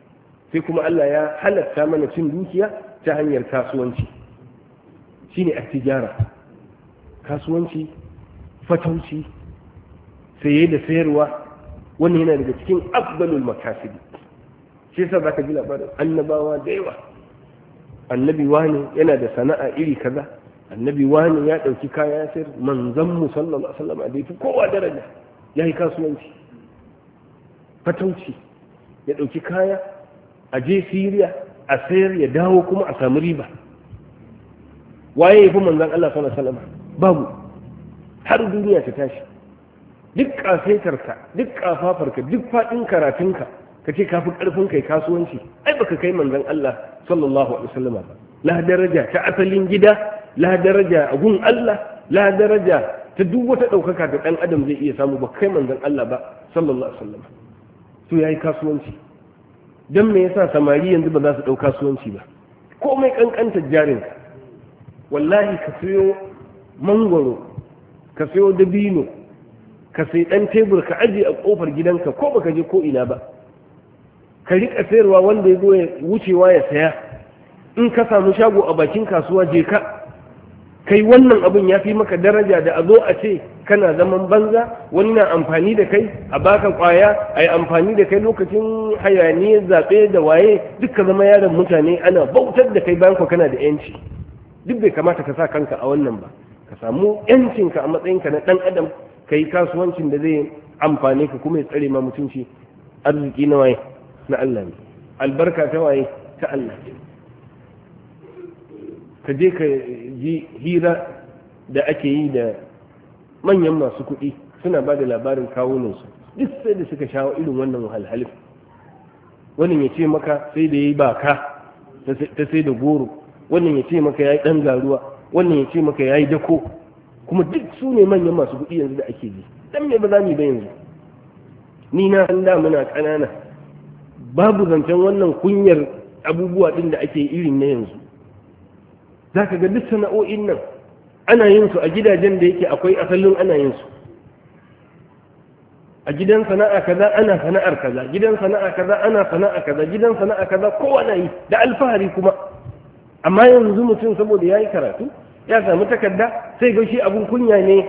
sai kuma Allah ya halatta mana cin dukiya ta hanyar kasuwanci shine a tijara kasuwanci fatauci saye da sayarwa wannan yana daga cikin afdalul makasibi shi yasa zaka ji labarin annabawa da yawa annabi wani yana da sana'a iri kaza annabi wani ya ɗauki kaya sayar manzon mu sallallahu alaihi wasallam da kowa daraja ya yi kasuwanci fatauci ya ɗauki kaya a je siriya a sayar ya dawo kuma a samu riba waye ya fi manzan Allah sana salama babu har duniya ta tashi duk ƙasaitarka duk ƙafafarka duk faɗin karatunka ka ce kafi ƙarfin kai kasuwanci ai baka kai manzan Allah sallallahu alaihi wasallam ba la daraja ta asalin gida la daraja a gun Allah la daraja ta duk wata ɗaukaka da ɗan adam zai iya samu ba kai manzon Allah ba sallallahu alaihi wasallam to yayi kasuwanci dan me yasa samari yanzu ba za su ɗauka kasuwanci ba komai kankanta jarin wallahi ka sayo mangoro ka sayo dabino ka sayi ɗan tebur ka aje a kofar gidanka ko baka je ko ina ba ka rika sayarwa wanda ya zo ya wucewa ya saya in ka samu shago a bakin kasuwa je ka kai wannan abun ya fi maka daraja da a zo a ce kana zaman banza wani na amfani da kai a baka kwaya a yi amfani da kai lokacin hayaniya zaɓe da waye duka zama yaron mutane ana bautar da kai bayan ku kana da yanci duk bai kamata ka sa kanka a wannan ba ka samu yancinka a matsayinka na ɗan adam ka yi kasuwancin da zai amfani ka kuma ya tsare ma mutunci arziki na waye na Allah ne albarka ta waye ta Allah ne ka je ka ji hira da ake yi da manyan masu kuɗi suna ba da labarin kawunansu duk sai da suka shawo irin wannan wahalhalin wannan ya ce maka sai da ya yi baka ta sai da goro wannan ya ce maka ya yi ɗan garuwa wannan ya ce maka ya yi dako kuma duk su ne manyan masu kuɗi yanzu da ake ji dan me ba za mu yi ba yanzu ni na san da muna ƙanana babu zancen wannan kunyar abubuwa ɗin da ake irin na yanzu za ka ga duk sana'o'in nan ana yin su a gidajen da yake akwai asalin ana yin su a gidan sana'a kaza ana sana'ar kaza gidan sana'a kaza ana sana'a kaza gidan sana'a kaza ko na yi da alfahari kuma amma yanzu mutum saboda ya yi karatu ya samu takarda sai ga shi abun kunya ne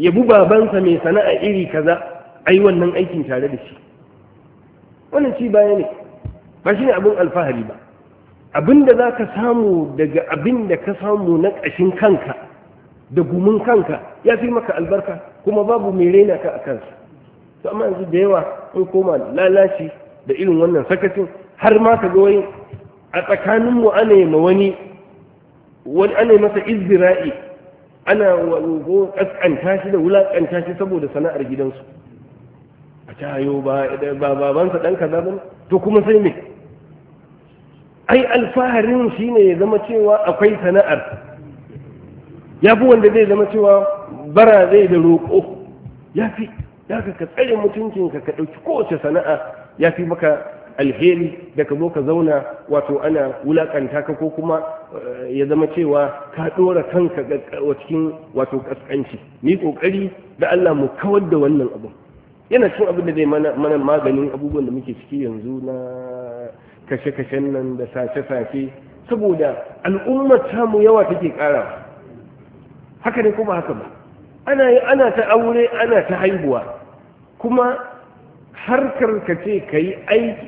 ya bi babansa mai sana'a iri kaza ai wannan aikin tare da shi wannan ci baya ne ba shi ne abin alfahari ba abinda za ka samu daga abinda ka samu na ƙashin kanka da gumin kanka ya fi maka albarka kuma babu mai raina ka a kansa to amma yanzu da yawa in koma lalaci da irin wannan sakacin har ma ka wai a tsakaninmu ana yi ma wani wani ana yi masa izbira'i ana wago shi da wulakanta shi saboda sana'ar gidansu a ta ba babansa ɗan kaza ba to kuma sai me ai alfaharin shi ne ya zama cewa akwai sana'ar ya fi wanda zai zama cewa bara zai da roƙo ya fi ya ka tsare mutuncinka ka ɗauki kowace sana'a ya fi maka alheri da ka zo ka zauna wato ana wulaƙanta ka ko kuma eh, ya zama cewa ka ɗora kanka a cikin wato ƙasƙanci. ni ƙoƙari da Allah mu kawar da wannan abu yana cin abin da zai mana maganin abubuwan da muke ciki yanzu na kashe-kashen nan da sace-sace saboda al'ummar tamu yawa take kara haka ne kuma haka ba ana yi ana ta aure ana ta haihuwa kuma harkar ka ce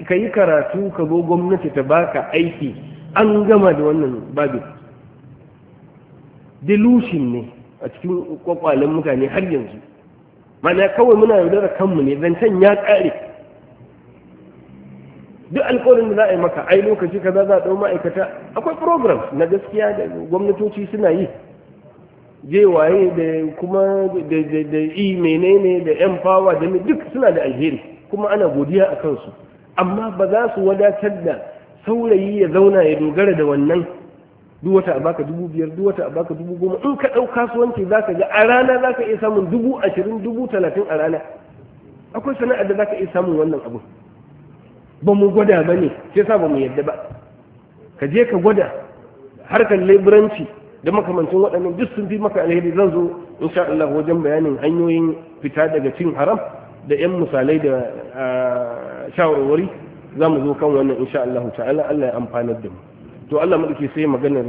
ka yi karatu ka zo gwamnati ta baka aiki an gama da wannan babin delusion ne a cikin kwakwalen mutane har yanzu mana kawai muna yaudara kanmu ne zancen ya ƙare duk alkawarin da za a yi maka ai lokaci kaza za a ɗau ma'aikata akwai program na gaskiya da gwamnatoci suna yi je waye da kuma da i menene da empower da duk suna da alheri kuma ana godiya a kansu amma ba za su wadatar da saurayi ya zauna ya dogara da wannan duk a baka dubu biyar duk a baka dubu goma in ka ɗau kasuwanci za ka ga a rana za ka iya samun dubu ashirin dubu talatin a rana akwai sana'ar da za ka iya samun wannan abu ba mu gwada ba ne sai sa ba mu yadda ba ka je ka gwada harkar laibiranci da makamancin waɗannan duk sun fi maka alheri zan zo sha Allah wajen bayanin hanyoyin fita daga cin haram da yan misalai da shawarwari za mu zo kan wannan sha Allah ta'ala Allah ya amfanar da mu to Allah madauki sai maganar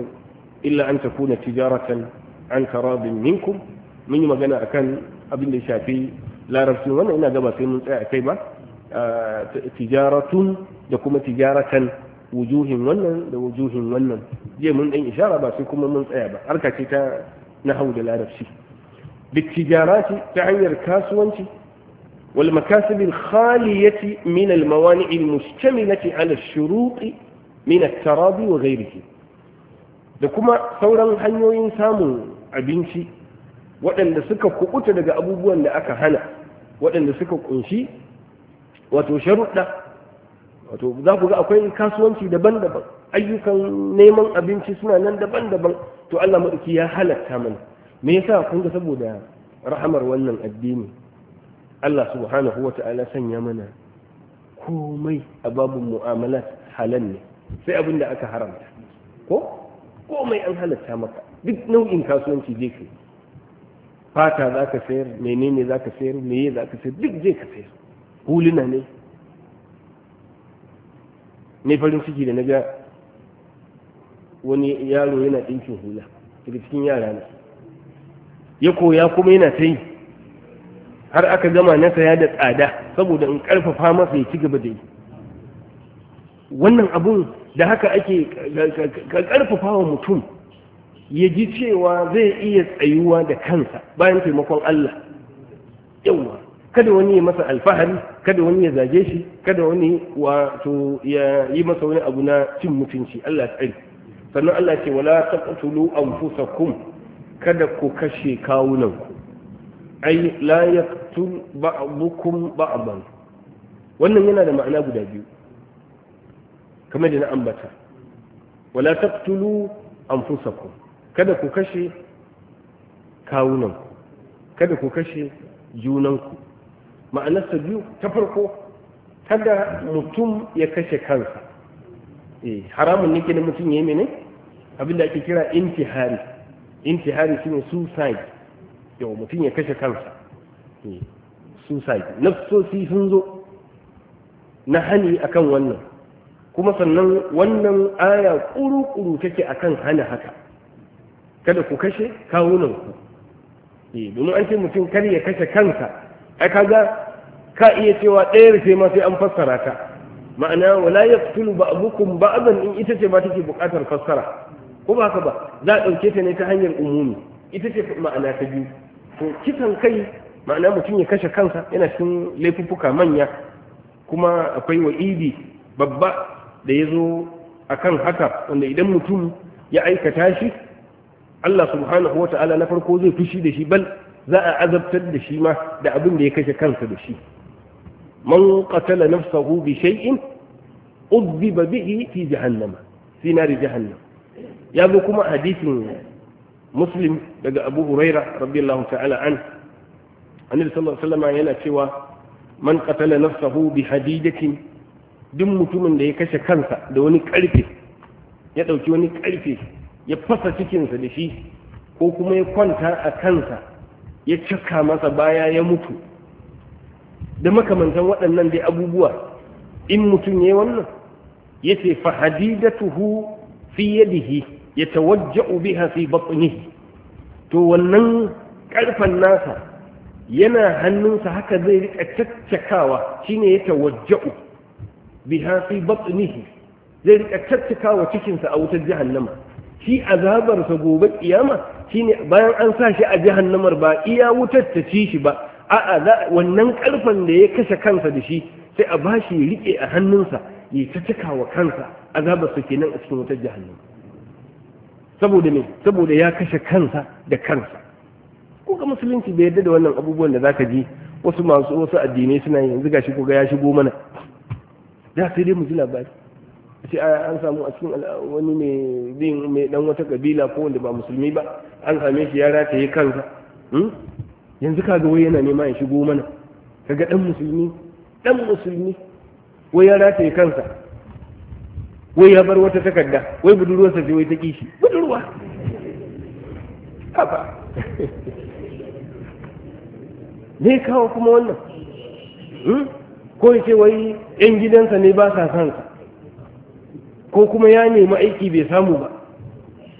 illa an takuna tijaratan an karabin minkum mun yi magana akan abin da shafi larabci wannan ina gaba sai mun tsaya kai ba آه، تجارة لكم تجارة وجوه ونن لوجوه ونن جي من أي إشارة بس يكون من صعبة أركا كتا نحو دل نفسي بالتجارات الكاس كاسوانتي والمكاسب الخالية من الموانع المشتملة على الشروط من التراضي وغيره لكم ثورا حنيو ينسامو أبنشي وأن سكك قوتا لك أبوبوان لأك هنا وأن سكك أنشي wato sharuɗa wato za ku ga akwai kasuwanci daban-daban ayyukan neman abinci suna nan daban-daban to Allah maɗauki ya halatta mana me yasa kun ga saboda rahamar wannan addini Allah subhanahu wa ta'ala sanya mana komai a babin mu'amalat halal ne sai abin da aka haramta ko komai an halatta maka duk nau'in kasuwanci je ka fata za ka sayar menene za ka sayar meye za ka sayar duk je ka sayar huluna ne ne farin ciki da na ga wani yaro yana ɗinkin hula daga cikin yara ne ya koya kuma yana ta yi har aka gama na saya da tsada saboda in ƙarfafa masa ya ci gaba da yi wannan abun da haka ake ka wa mutum ya ji cewa zai iya tsayuwa da kansa bayan taimakon Allah yawa kada wani ya masa alfahari kada wani ya zage shi kada wani wato ya yi masa wani abu na cin mutunci Allah tsari sannan Allah ce wala taqtulu anfusakum kada ku kashe kawunanku ai la yaqtul ba'dukum ba'dan wannan yana da ma'ana guda biyu kamar da na ambata wala taqtulu anfusakum kada ku kashe kawunanku kada ku kashe junanku ma'anarsa biyu ta farko kada mutum ya kashe kansa eh, haramun ne kenan mutum ya yi mene abinda ake kira intihari intihari shine suicide yau mutum ya kashe kansa eh, suicide nafsosi sun zo na hani akan wannan kuma sannan wannan aya kuru-kuru take akan hana haka kada ku kashe kawunanku eh, domin an ce mutum kar ya kashe kansa ai kaga ka iya cewa ɗaya rufe ma sai an fassara ta ma'ana wala ya ba yaqtulu ba zan in ita ce ma take buƙatar fassara ko ba haka ba za a ɗauke ta ne ta hanyar umumi ita ce ma'ana ta biyu to kisan kai ma'ana mutum ya kashe kansa yana cikin laifuffuka manya kuma akwai wa'idi babba da ya zo a kan haka wanda idan mutum ya aikata shi Allah subhanahu wa ta'ala na farko zai fushi da shi bal za a azabtar da shi ma da abin da ya kashe kansa da shi man qatala nafsahu bi shay'in udhiba bihi fi jahannama fi nari jahannam ya bi kuma hadisin muslim daga abu huraira radiyallahu ta'ala an annabi sallallahu yana cewa man qatala nafsahu bi hadidatin duk mutumin da ya kashe kansa da wani karfe ya dauki wani karfe ya fasa cikinsa da shi ko kuma ya kwanta a kansa ya caka masa baya ya mutu da makamantan waɗannan dai abubuwa in mutum ya wannan ya ce fahadidatuhu fi yadihi ya tawajja'u biha fi batnihi to wannan karfan nasa yana hannunsa haka zai rika caccakawa shine ya tawajja'u biha fi batnihi zai riƙa caccakawa cikinsa a wutar jahannama shi azabarsa gobe kiyama shine bayan an sa shi a jahannamar ba iya wutar ta ci shi ba a'a wannan karfan da ya kashe kansa da shi sai a bashi rike a hannunsa ya ta cika wa kansa azabar su kenan a cikin wutar jahannama saboda me saboda ya kashe kansa da kansa ko ga musulunci bai yarda da wannan abubuwan da zaka ji wasu masu wasu addinai suna yanzu gashi ko ga ya shigo mana da sai dai mu ji labari sai an samu a cikin wani mai bin mai dan wata kabila ko wanda ba musulmi ba an same shi ya rataye kansa hmm? yanzu kaga wai yana nema ya shigo mana kaga dan musulmi dan musulmi wai ya rataye kansa wai ya bar wata takarda wai budurwarsa ce wai ta kishi budurwa haba ne (laughs) kawo kuma wannan hmm? ko ya ce wai yan gidansa ne ba sa kansa ko kuma ya nemi aiki bai samu ba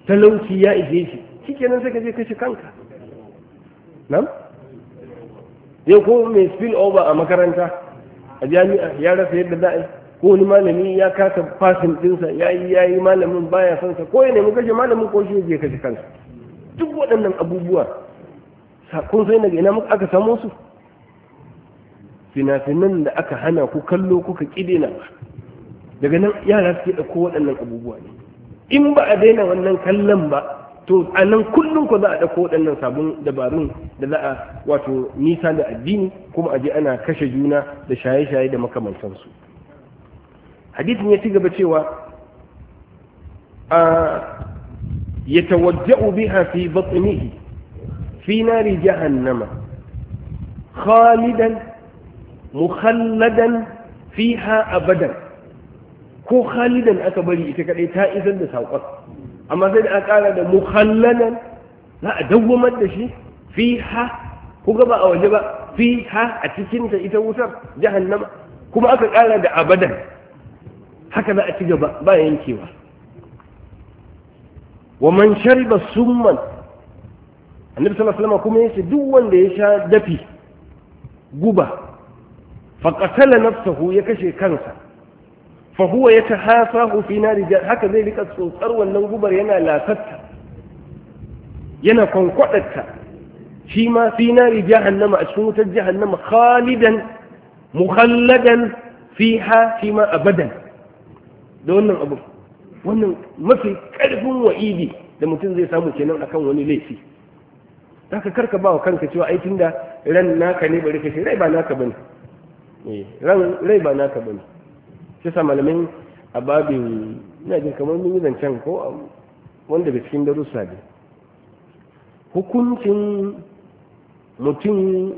talauci ya ishe shi kenan sai ka je kashe kanka nan zai ko mai spill over a makaranta a jami'a ya rasa yadda za'a yi ko wani malami ya kasa fasin dinsa ya yi ya yi malamin baya son sa ko ya nemi kashe malamin ko shi ya kashe kansa duk waɗannan abubuwa kun sai daga ina muka aka samo su fina-finan da aka hana ku kallo kuka kidena daga nan yara suke ɗauko waɗannan abubuwa ne in ba a daina wannan kallon ba to a nan kullum ko za a ɗauko waɗannan sabon dabarun da za a wato nisa da addini kuma a je ana kashe juna da shaye-shaye da makamantansu hadisin ya ci gaba cewa a yatawajja'u biha fi batnihi fi nari jahannama khalidan mukhalladan fiha abadan ko khalidan aka bari ita kadai ta isar da saƙon amma sai da an ƙara da muhallanan za a dawwamar da shi fi ha ku gaba a waje ba fi ha a cikinta ita wutar jahannama kuma aka ƙara da abadan haka za a ci gaba ba yankewa wa man shariba summan annabi sallallahu alaihi kuma yace duk wanda ya sha dafi guba faqatala nafsahu ya kashe kansa fa huwa yatahasahu fi nari haka zai rika tsotsar wannan gubar yana lafatta yana kwankwadarta shi ma fi nari jahannama a cikin wutar jahannama khalidan mukhalladan fiha shi ma abadan da wannan abu wannan mafi karfin wa'idi da mutum zai samu kenan akan wani laifi haka karka ba wa kanka cewa ai tunda ran naka ne bari ka ce rai ba naka bane eh, rai ba naka bane sa malamin a babin ina jin kamar mun yi zancen ko wanda bai cikin darussa ne hukuncin mutum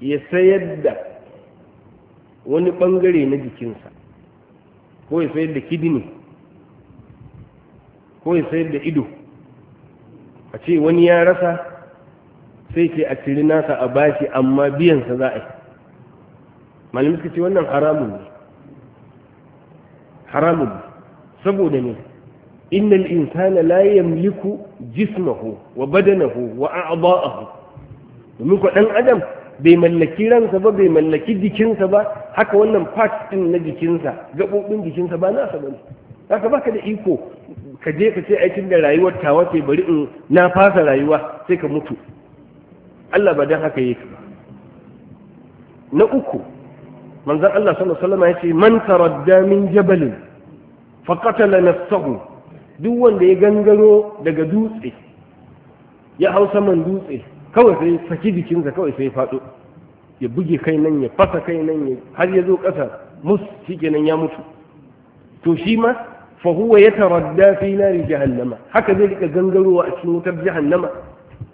ya sayar da wani bangare na jikinsa ko ya sayar da kidini ko ya sayar da ido a ce wani ya rasa sai ke a tiri nasa a bashi amma biyansa za a yi malamai suka ce wannan haramun ne haramun saboda ne innal insana la yamliku jismahu wa badanahu wa a'dahu domin ko dan adam bai mallaki ransa ba bai mallaki jikinsa ba haka wannan part din na jikinsa gabobin jikinsa ba nasa bane haka baka da iko ka je ka ce aikin da rayuwar tawa ce bari in na fasa rayuwa sai ka mutu Allah ba dan haka yake ba na uku manzon Allah sallallahu salama ya ce man taradda min jabalin fa na nafsahu duk wanda ya gangaro daga dutse ya hau saman dutse kawai sai saki jikinsa kawai sai faɗo ya buge kai nan ya fasa kai nan ya har ya zo ƙasa mus shi kenan ya mutu to shi ma fa huwa yataradda fi nari jahannama haka zai rika gangarowa a cikin wutar jahannama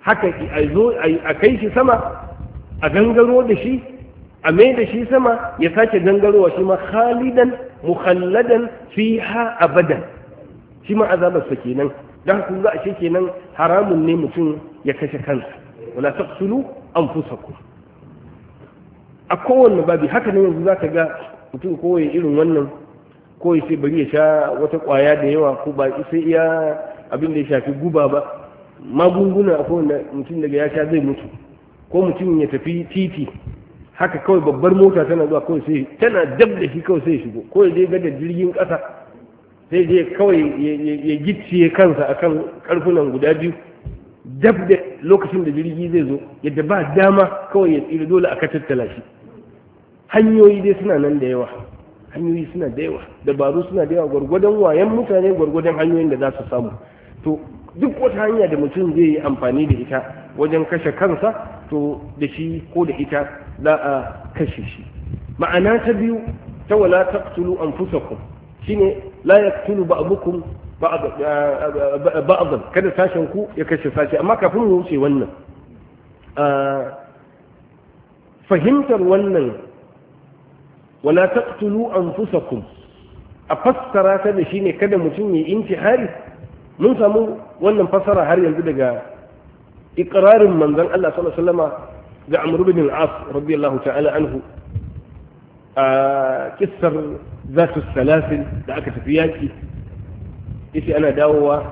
haka a zo a kai shi sama a gangaro da shi a mai da shi sama ya sake gangarowa shi ma khalidan mukhalladan fiha abadan shi ma azabarsa kenan dan haka ga kenan haramun ne mutum ya kashe kansa wala taqtulu anfusakum a kowanne babi haka ne yanzu zaka ga mutum ko irin wannan ko ya bari ya sha wata kwaya da yawa ko ba sai iya abin da ya shafi guba ba magunguna a kowanne mutum daga ya sha zai mutu ko mutum ya tafi titi haka kawai babbar mota tana zuwa kawai sai tana dab da shi kawai sai shigo kawai zai ga gada jirgin kasa sai je kawai ya gicciye kansa akan karfunan guda biyu dab da lokacin da jirgi zai zo yadda ba dama kawai ya tsira dole aka tattala shi hanyoyi dai suna nan da yawa hanyoyi suna da yawa dabaru suna da yawa gwargwadon wayan mutane gwargwadon hanyoyin da za su samu to duk wata hanya da mutum zai yi amfani da ita wajen kashe kansa to da shi ko da ita za a kashe shi ma'ana ta biyu ta wala taqtulu anfusakum shine la yaqtulu ba'dukum eh, ba'dan kada sashen ku ya kashe sashi amma kafin mu wuce wannan eh, fahimtar wannan wala taqtulu anfusakum a fassara ta da shine kada mutum ya inci hari, mun samu wannan fassara har yanzu daga ikrarin manzon Allah sallallahu alaihi wasallama ga amru bin al-as radiyallahu ta'ala anhu a kissar zatu salasil da aka tafi yaki yace ana dawowa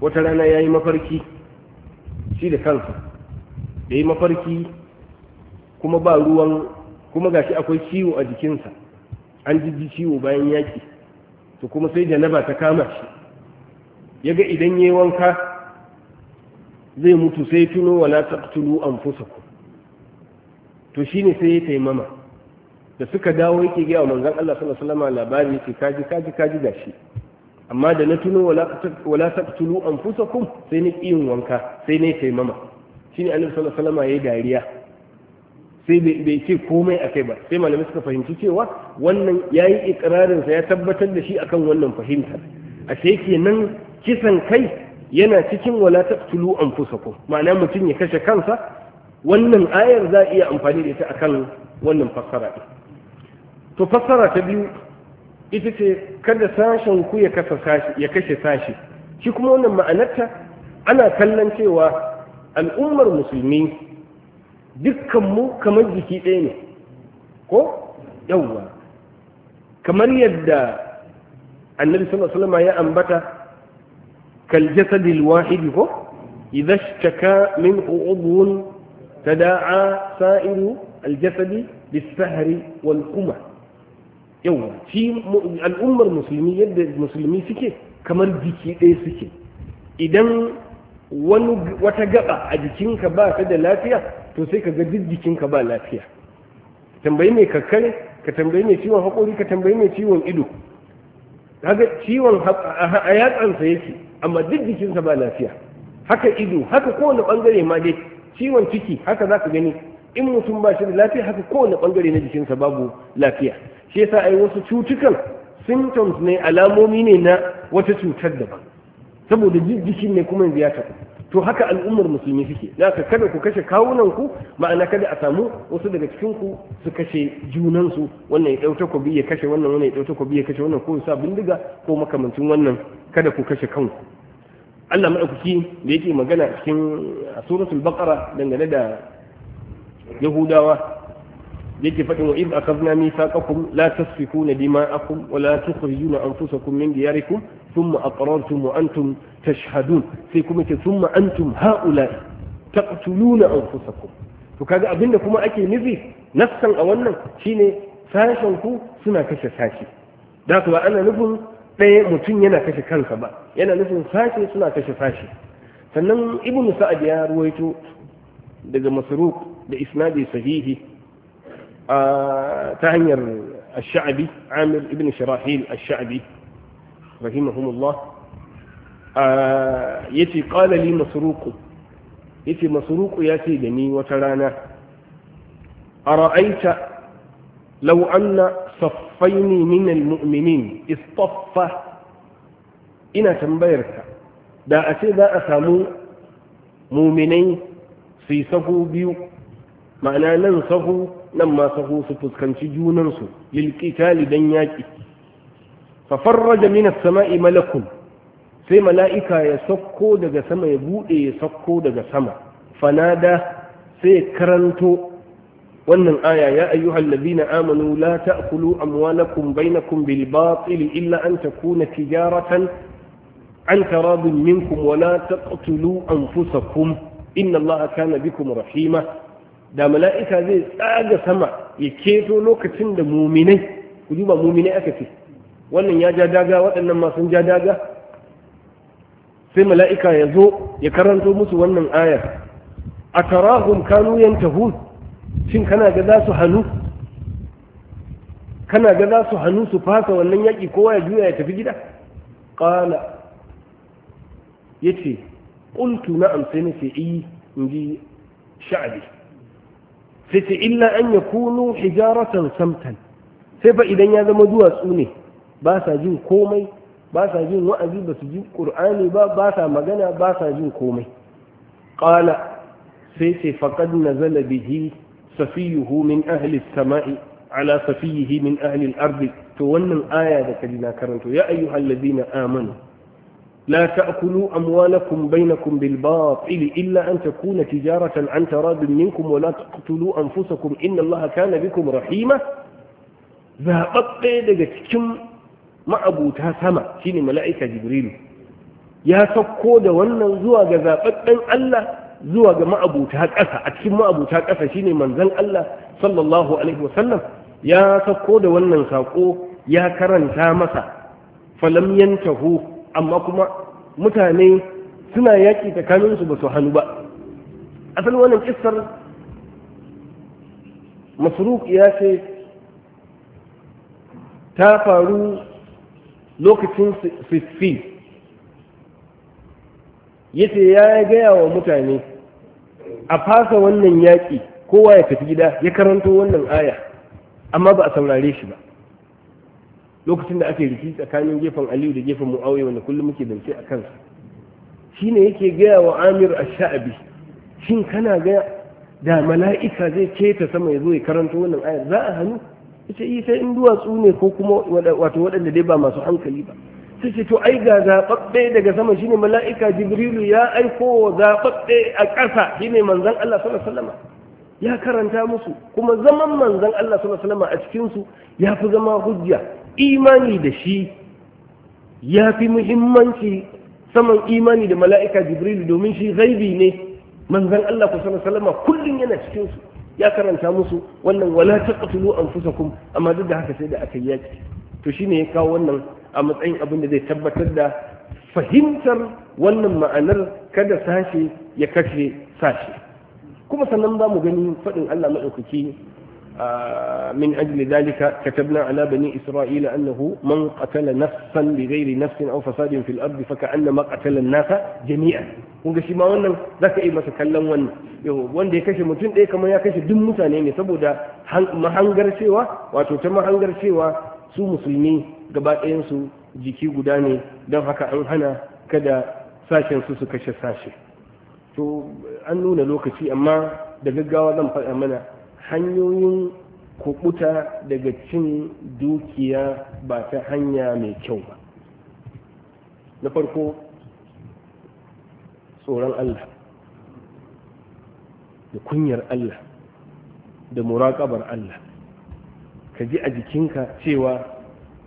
wata rana yayi mafarki shi da kansa yayi mafarki kuma ba ruwan kuma gashi akwai ciwo a jikinsa an jijji ciwo bayan yaki to kuma sai janaba ta kama shi yaga idan yayi wanka zai mutu sai tuno wala taqtulu anfusakum to shi ne sai ya taimama da suka dawo yake gaya wa manzan Allah sallallahu alaihi wasallam labari yake kaji kaji kaji gashi amma da na tuno wala taqtulu anfusakum sai ni kiyin wanka sai ne taimama ne Annabi sallallahu alaihi wasallam yayi dariya sai bai ce komai akai ba sai malamai suka fahimci cewa wannan yayi ikrarin sa ya tabbatar da shi akan wannan fahimtar ashe nan kisan kai yana cikin wala taqtulu anfusakum ma'ana mutum ya kashe kansa wannan ayar za a iya amfani da ita akan wannan fassara ɗin to fassara ta biyu ita ce kada sashen ku ya kashe sashi shi kuma wannan ma'anarta ana kallon cewa al'ummar musulmi dukkanmu kamar jiki ɗaya ne ko yawwa kamar yadda annabi sallallahu alaihi ya ambata kal jasadil wahid ko idza ishtaka min udhun تداعى سائر الجسد بالسهر والقمع يوم في الأمة المسلمية المسلمين سكي كمان جيكي ايه سكي إذن wani wata gaba a jikinka ba ta da lafiya to sai ka ga duk jikinka ba lafiya tambayi mai kakkare ka tambayi mai ciwon haƙori ka tambayi mai ciwon ido haka ciwon a yatsansa yake amma duk jikinsa ba lafiya haka ido haka kowane ɓangare ma dai ciwon ciki haka za ka gani in mutum ba shi da lafiya haka kowane bangare na jikinsa babu lafiya shi yasa ai wasu cutukan symptoms ne alamomi ne na wata cutar daban saboda jikin ne kuma yanzu ya tafi to haka al'ummar musulmi suke za ka kada ku kashe kawunan ku ma'ana kada a samu wasu daga cikin su kashe junan wannan ya dauta ku ya kashe wannan wannan ya dauta ku ya kashe wannan ko sa bindiga ko makamancin wannan kada ku kashe kanku Allah madaukaki da yake magana cikin a suratul baqara dangane da yahudawa yake faɗin wa iz akhadna mithaqakum la tasfikuna dima'akum wa la tukhrijuna anfusakum min diyarikum thumma aqrartum wa antum tashhadun sai kuma ce thumma antum haula taqtuluna anfusakum to kaga abinda kuma ake nufi nassan a wannan shine sashen ku suna kashe sashi da ba ana nufin ɗaya mutum yana kashe kansa ba yana nufin sashe suna kashe sashe sannan ibnu sa'ad ya ruwaito daga masruq da isnadi sahihi ta hanyar ash-sha'bi amir ibn shirahil ash-sha'bi rahimahumullah yace qala li masruq yace masruq ya ce da ni wata rana ara'aita law anna ne minal mu'minin istaffa ina tambayarka da a ce za a samu muminai su sahu biyu ma'ana nan sahu nan ma sahu su fuskanci junansu lilƙitali don yaƙi fafarraja min sama'i malakun sai mala'ika ya sakko daga sama ya buɗe ya sakko daga sama fanada sai karanto wannan aya ya ayyuhal ladina amanu la ta'kulu amwalakum bainakum bil batil illa an takuna tijaratan an taradun minkum wa la taqtulu anfusakum inna allaha kana bikum rahima da mala'ika zai tsaga sama ya keto lokacin da muminai ku duba muminai aka ce wannan ya ja daga waɗannan ma sun ja daga sai mala'ika ya zo ya karanto musu wannan ayar a tarahum kanu yantahun shin kana ga za su hannu kana ga za su hannu su fasa wannan yaki, kowa ya juya ya tafi gida ƙala ya ce ƙuntu na amsa ne ce iyi in ji sha'adi. sai ce illa an ya kunu hijaratan samtan sai fa idan ya zama duwatsu ne ba sa jin komai ba sa jin wa'azi ba su ji ƙur'ani ba ba sa magana ba sa jin komai ƙala sai ce faƙad na zalabihi سفيه من أهل السماء على سفيه من أهل الأرض تولنا الآية كلنا كرنت يا أيها الذين آمنوا لا تأكلوا أموالكم بينكم بالباطل إلا أن تكون تجارة عن تراد منكم ولا تقتلوا أنفسكم إن الله كان بكم رحيما ذهبت daga cikin ma'abuta sama shine mala'ika jibrilu جبريل يا da wannan zuwa ga zaɓaɓɓen zuwa ga ma'abuta ƙasa a cikin ma'abuta ƙasa shine manzon Allah sallallahu alaihi wasallam ya sako da wannan saƙo ya karanta masa falam yantahu amma kuma mutane suna yaƙi tsakaninsu ba su hannu ba asali wannan kissar masruq ya ce ta faru lokacin siffi yace ya gaya wa mutane a fasa wannan yaƙi kowa ya tafi gida ya karanto wannan aya amma ba a saurare shi ba lokacin da ake rikici tsakanin gefen aliyu da gefen mu'awiya wanda kullum muke zance a kansa shine yake gaya wa amir ash-sha'bi shin kana ga da mala'ika zai keta sama ya zo ya karanto wannan ayar za a hannu ita yi eh, sai in duwatsu ne ko kuma wato waɗanda dai ba masu hankali ba ta ce to ai ga zaɓaɓɓe daga sama shine mala'ika jibrilu ya aiko zaɓaɓɓe a ƙasa shine manzon Allah sallallahu alaihi ya karanta musu kuma zaman manzon Allah sallallahu alaihi a cikin ya fi zama hujja imani da shi ya fi muhimmanci saman imani da mala'ika jibrilu domin shi gaibi ne manzan Allah ku sallallahu alaihi kullum yana cikinsu ya karanta musu wannan wala taqtulu kuma amma duk da haka sai da aka yaki to shi ne ya kawo wannan a matsayin abin da zai tabbatar da fahimtar wannan ma'anar kada sashe ya kashe sashe kuma sannan za mu gani faɗin Allah maɗaukaki من أجل ذلك كتبنا على بني إسرائيل أنه من قتل نفسا بغير نفس أو فساد في الأرض فكأنما قتل الناس جميعا kunga shi ma wannan za ka yi masa kallon wannan wanda ya kashe mutum ɗaya kamar ya kashe duk mutane ne saboda mahangar cewa wato ta mahangar cewa su musulmi gaba ɗayansu jiki guda ne don haka an hana kada sashensu su kashe sashe to an nuna lokaci amma da gaggawa zan faɗa mana hanyoyin kubuta daga cin dukiya ba ta hanya mai kyau ba na farko tsoron Allah da kunyar Allah da muraƙabar Allah ka ji a jikinka cewa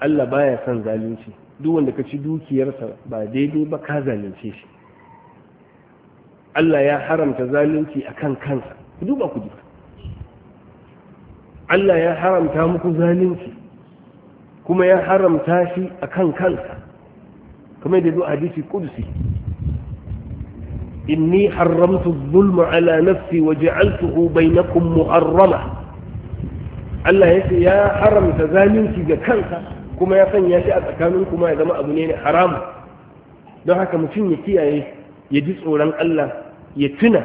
Allah baya son zalunci duk wanda ka ci dukiyarsa ba daidai ba ka zalunce shi Allah ya haramta zalunci kan kansa ku duba ku duba Allah ya haramta muku zalunci kuma ya haramta shi akan kansa kamar da zo hadisi kudusi ala حرمت الظلم على نفسي muharrama. Allah ya ce ya haramta zalunci ga kansa. kuma ya sanya shi a tsakanin kuma ya zama abu ne haram don haka mutum ya kiyaye ya ji tsoron Allah ya tuna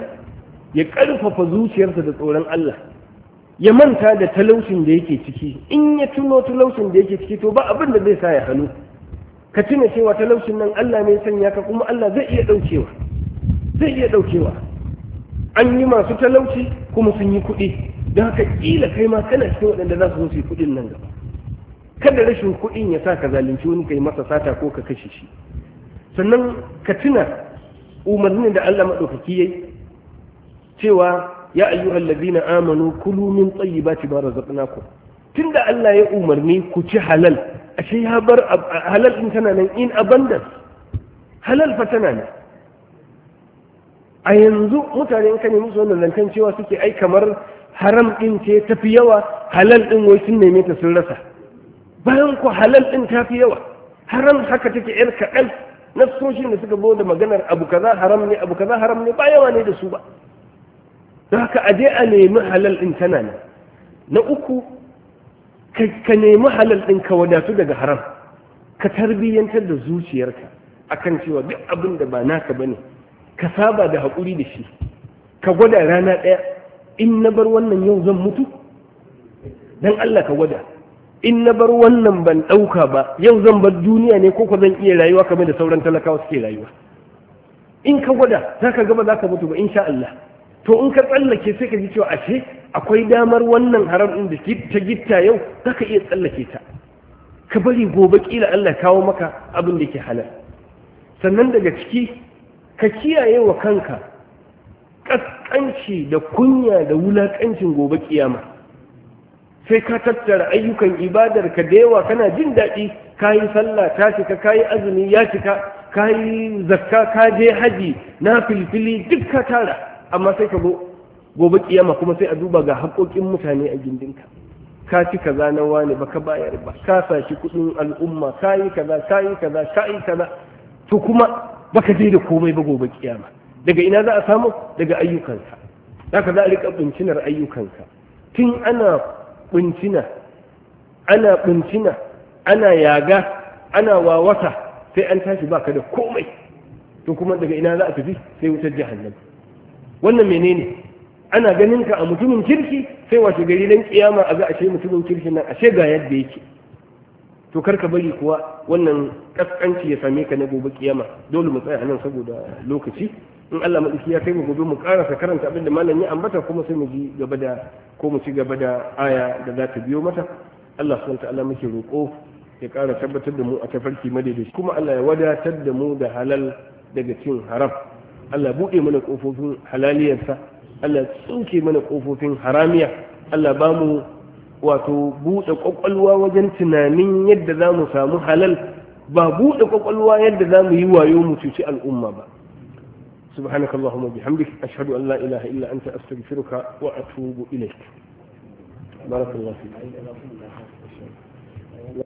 ya ƙarfafa zuciyarsa da tsoron Allah ya manta da talaucin da yake ciki in ya tuno talaucin da yake ciki to ba abin da zai sa ya hannu ka tuna cewa talaucin nan Allah ne sanya ka kuma Allah zai iya ɗaukewa zai iya ɗaukewa an yi masu talauci kuma sun yi kuɗi don haka kila kai ma kana cikin waɗanda za su zo su yi kuɗin nan gaba kada rashin kuɗin ya sa ka zalunci wani kai masa sata ko ka kashe shi sannan ka tuna umarnin da Allah maɗaukaki yayi cewa ya ayyuhal ladina amanu kulu min tayyibati ma razaqnakum tunda Allah ya umarni ku ci halal ashe ya bar halal din tana nan in abundance halal fa tana nan a yanzu mutane in ka nemi su wannan zancen cewa suke ai kamar haram ɗin ce tafi yawa halal ɗin wai sun neme ta sun rasa bayan ku halal ɗin ta fi yawa haram haka take yar kaɗan soshin da suka zo da maganar abu kaza haram ne abu kaza haram ne ba yawa ne da su ba don haka a je a nemi halal ɗin tana nan na uku ka nemi halal ɗin ka wadatu daga haram ka tarbiyyantar da zuciyarka akan cewa duk abin da ba naka bane ka saba da haƙuri da shi ka gwada rana ɗaya in na bar wannan yau zan mutu dan Allah ka gwada in na bar wannan ban ɗauka ba yau zan bar duniya ne ko zan iya rayuwa kamar da sauran talakawa suke rayuwa in ka gwada za ka gaba za ka mutu ba insha Allah to in ka tsallake sai ka ji cewa ashe akwai damar wannan haram ɗin da ta gitta yau za ka iya tsallake ta ka bari gobe kila Allah kawo maka abin da ke halal sannan daga ciki ka kiyaye wa kanka ƙasƙanci da kunya da wulaƙancin gobe kiyama sai ka tattara ayyukan ibadar ka da yawa kana jin daɗi ka yi sallah ta cika ka yi azumi ya cika ka yi zakka ka je haji na filfili duk ka tara amma sai ka gobe kiyama kuma sai a duba ga haƙoƙin mutane a gindinka ka ci kaza na wani baka bayar ba ka sashi kuɗin al'umma ka yi kaza ka yi kaza ka yi kaza to kuma baka je da komai ba gobe kiyama daga ina za a samu daga ayyukansa za ka za a riƙa bincinar ayyukanka tun ana ɓuncina ana ana yaga ana wawata sai an tashi baka da komai to kuma daga ina za a tafi sai wutar jahannama wannan menene ana ganin ka a mutumin kirki sai washe gari dan kiyama a ga ashe mutumin kirki nan ashe ga yadda yake to kar ka bari kuwa wannan kaskanci ya same ka na gobe kiyama dole mu tsaya nan saboda lokaci in Allah madauki ya kai mu gobe mu karasa karanta abin da malam ya ambata kuma sai mu ji gaba da ko mu ci gaba da aya da za ta biyo mata Allah subhanahu ta'ala muke roƙo ya ƙara tabbatar da mu a tafarki madaidaici kuma Allah ya wadatar da mu da halal daga cin haram Allah buɗe mana kofofin halaliyarsa Allah tsinke mana kofofin haramiya Allah ba mu wato buɗe ƙwaƙwalwa wajen tunanin yadda za mu samu halal ba buɗe ƙwaƙwalwa yadda za mu yi wayo mu cuci al'umma ba سبحانك اللهم وبحمدك أشهد أن لا إله إلا أنت أستغفرك وأتوب إليك بارك الله فيك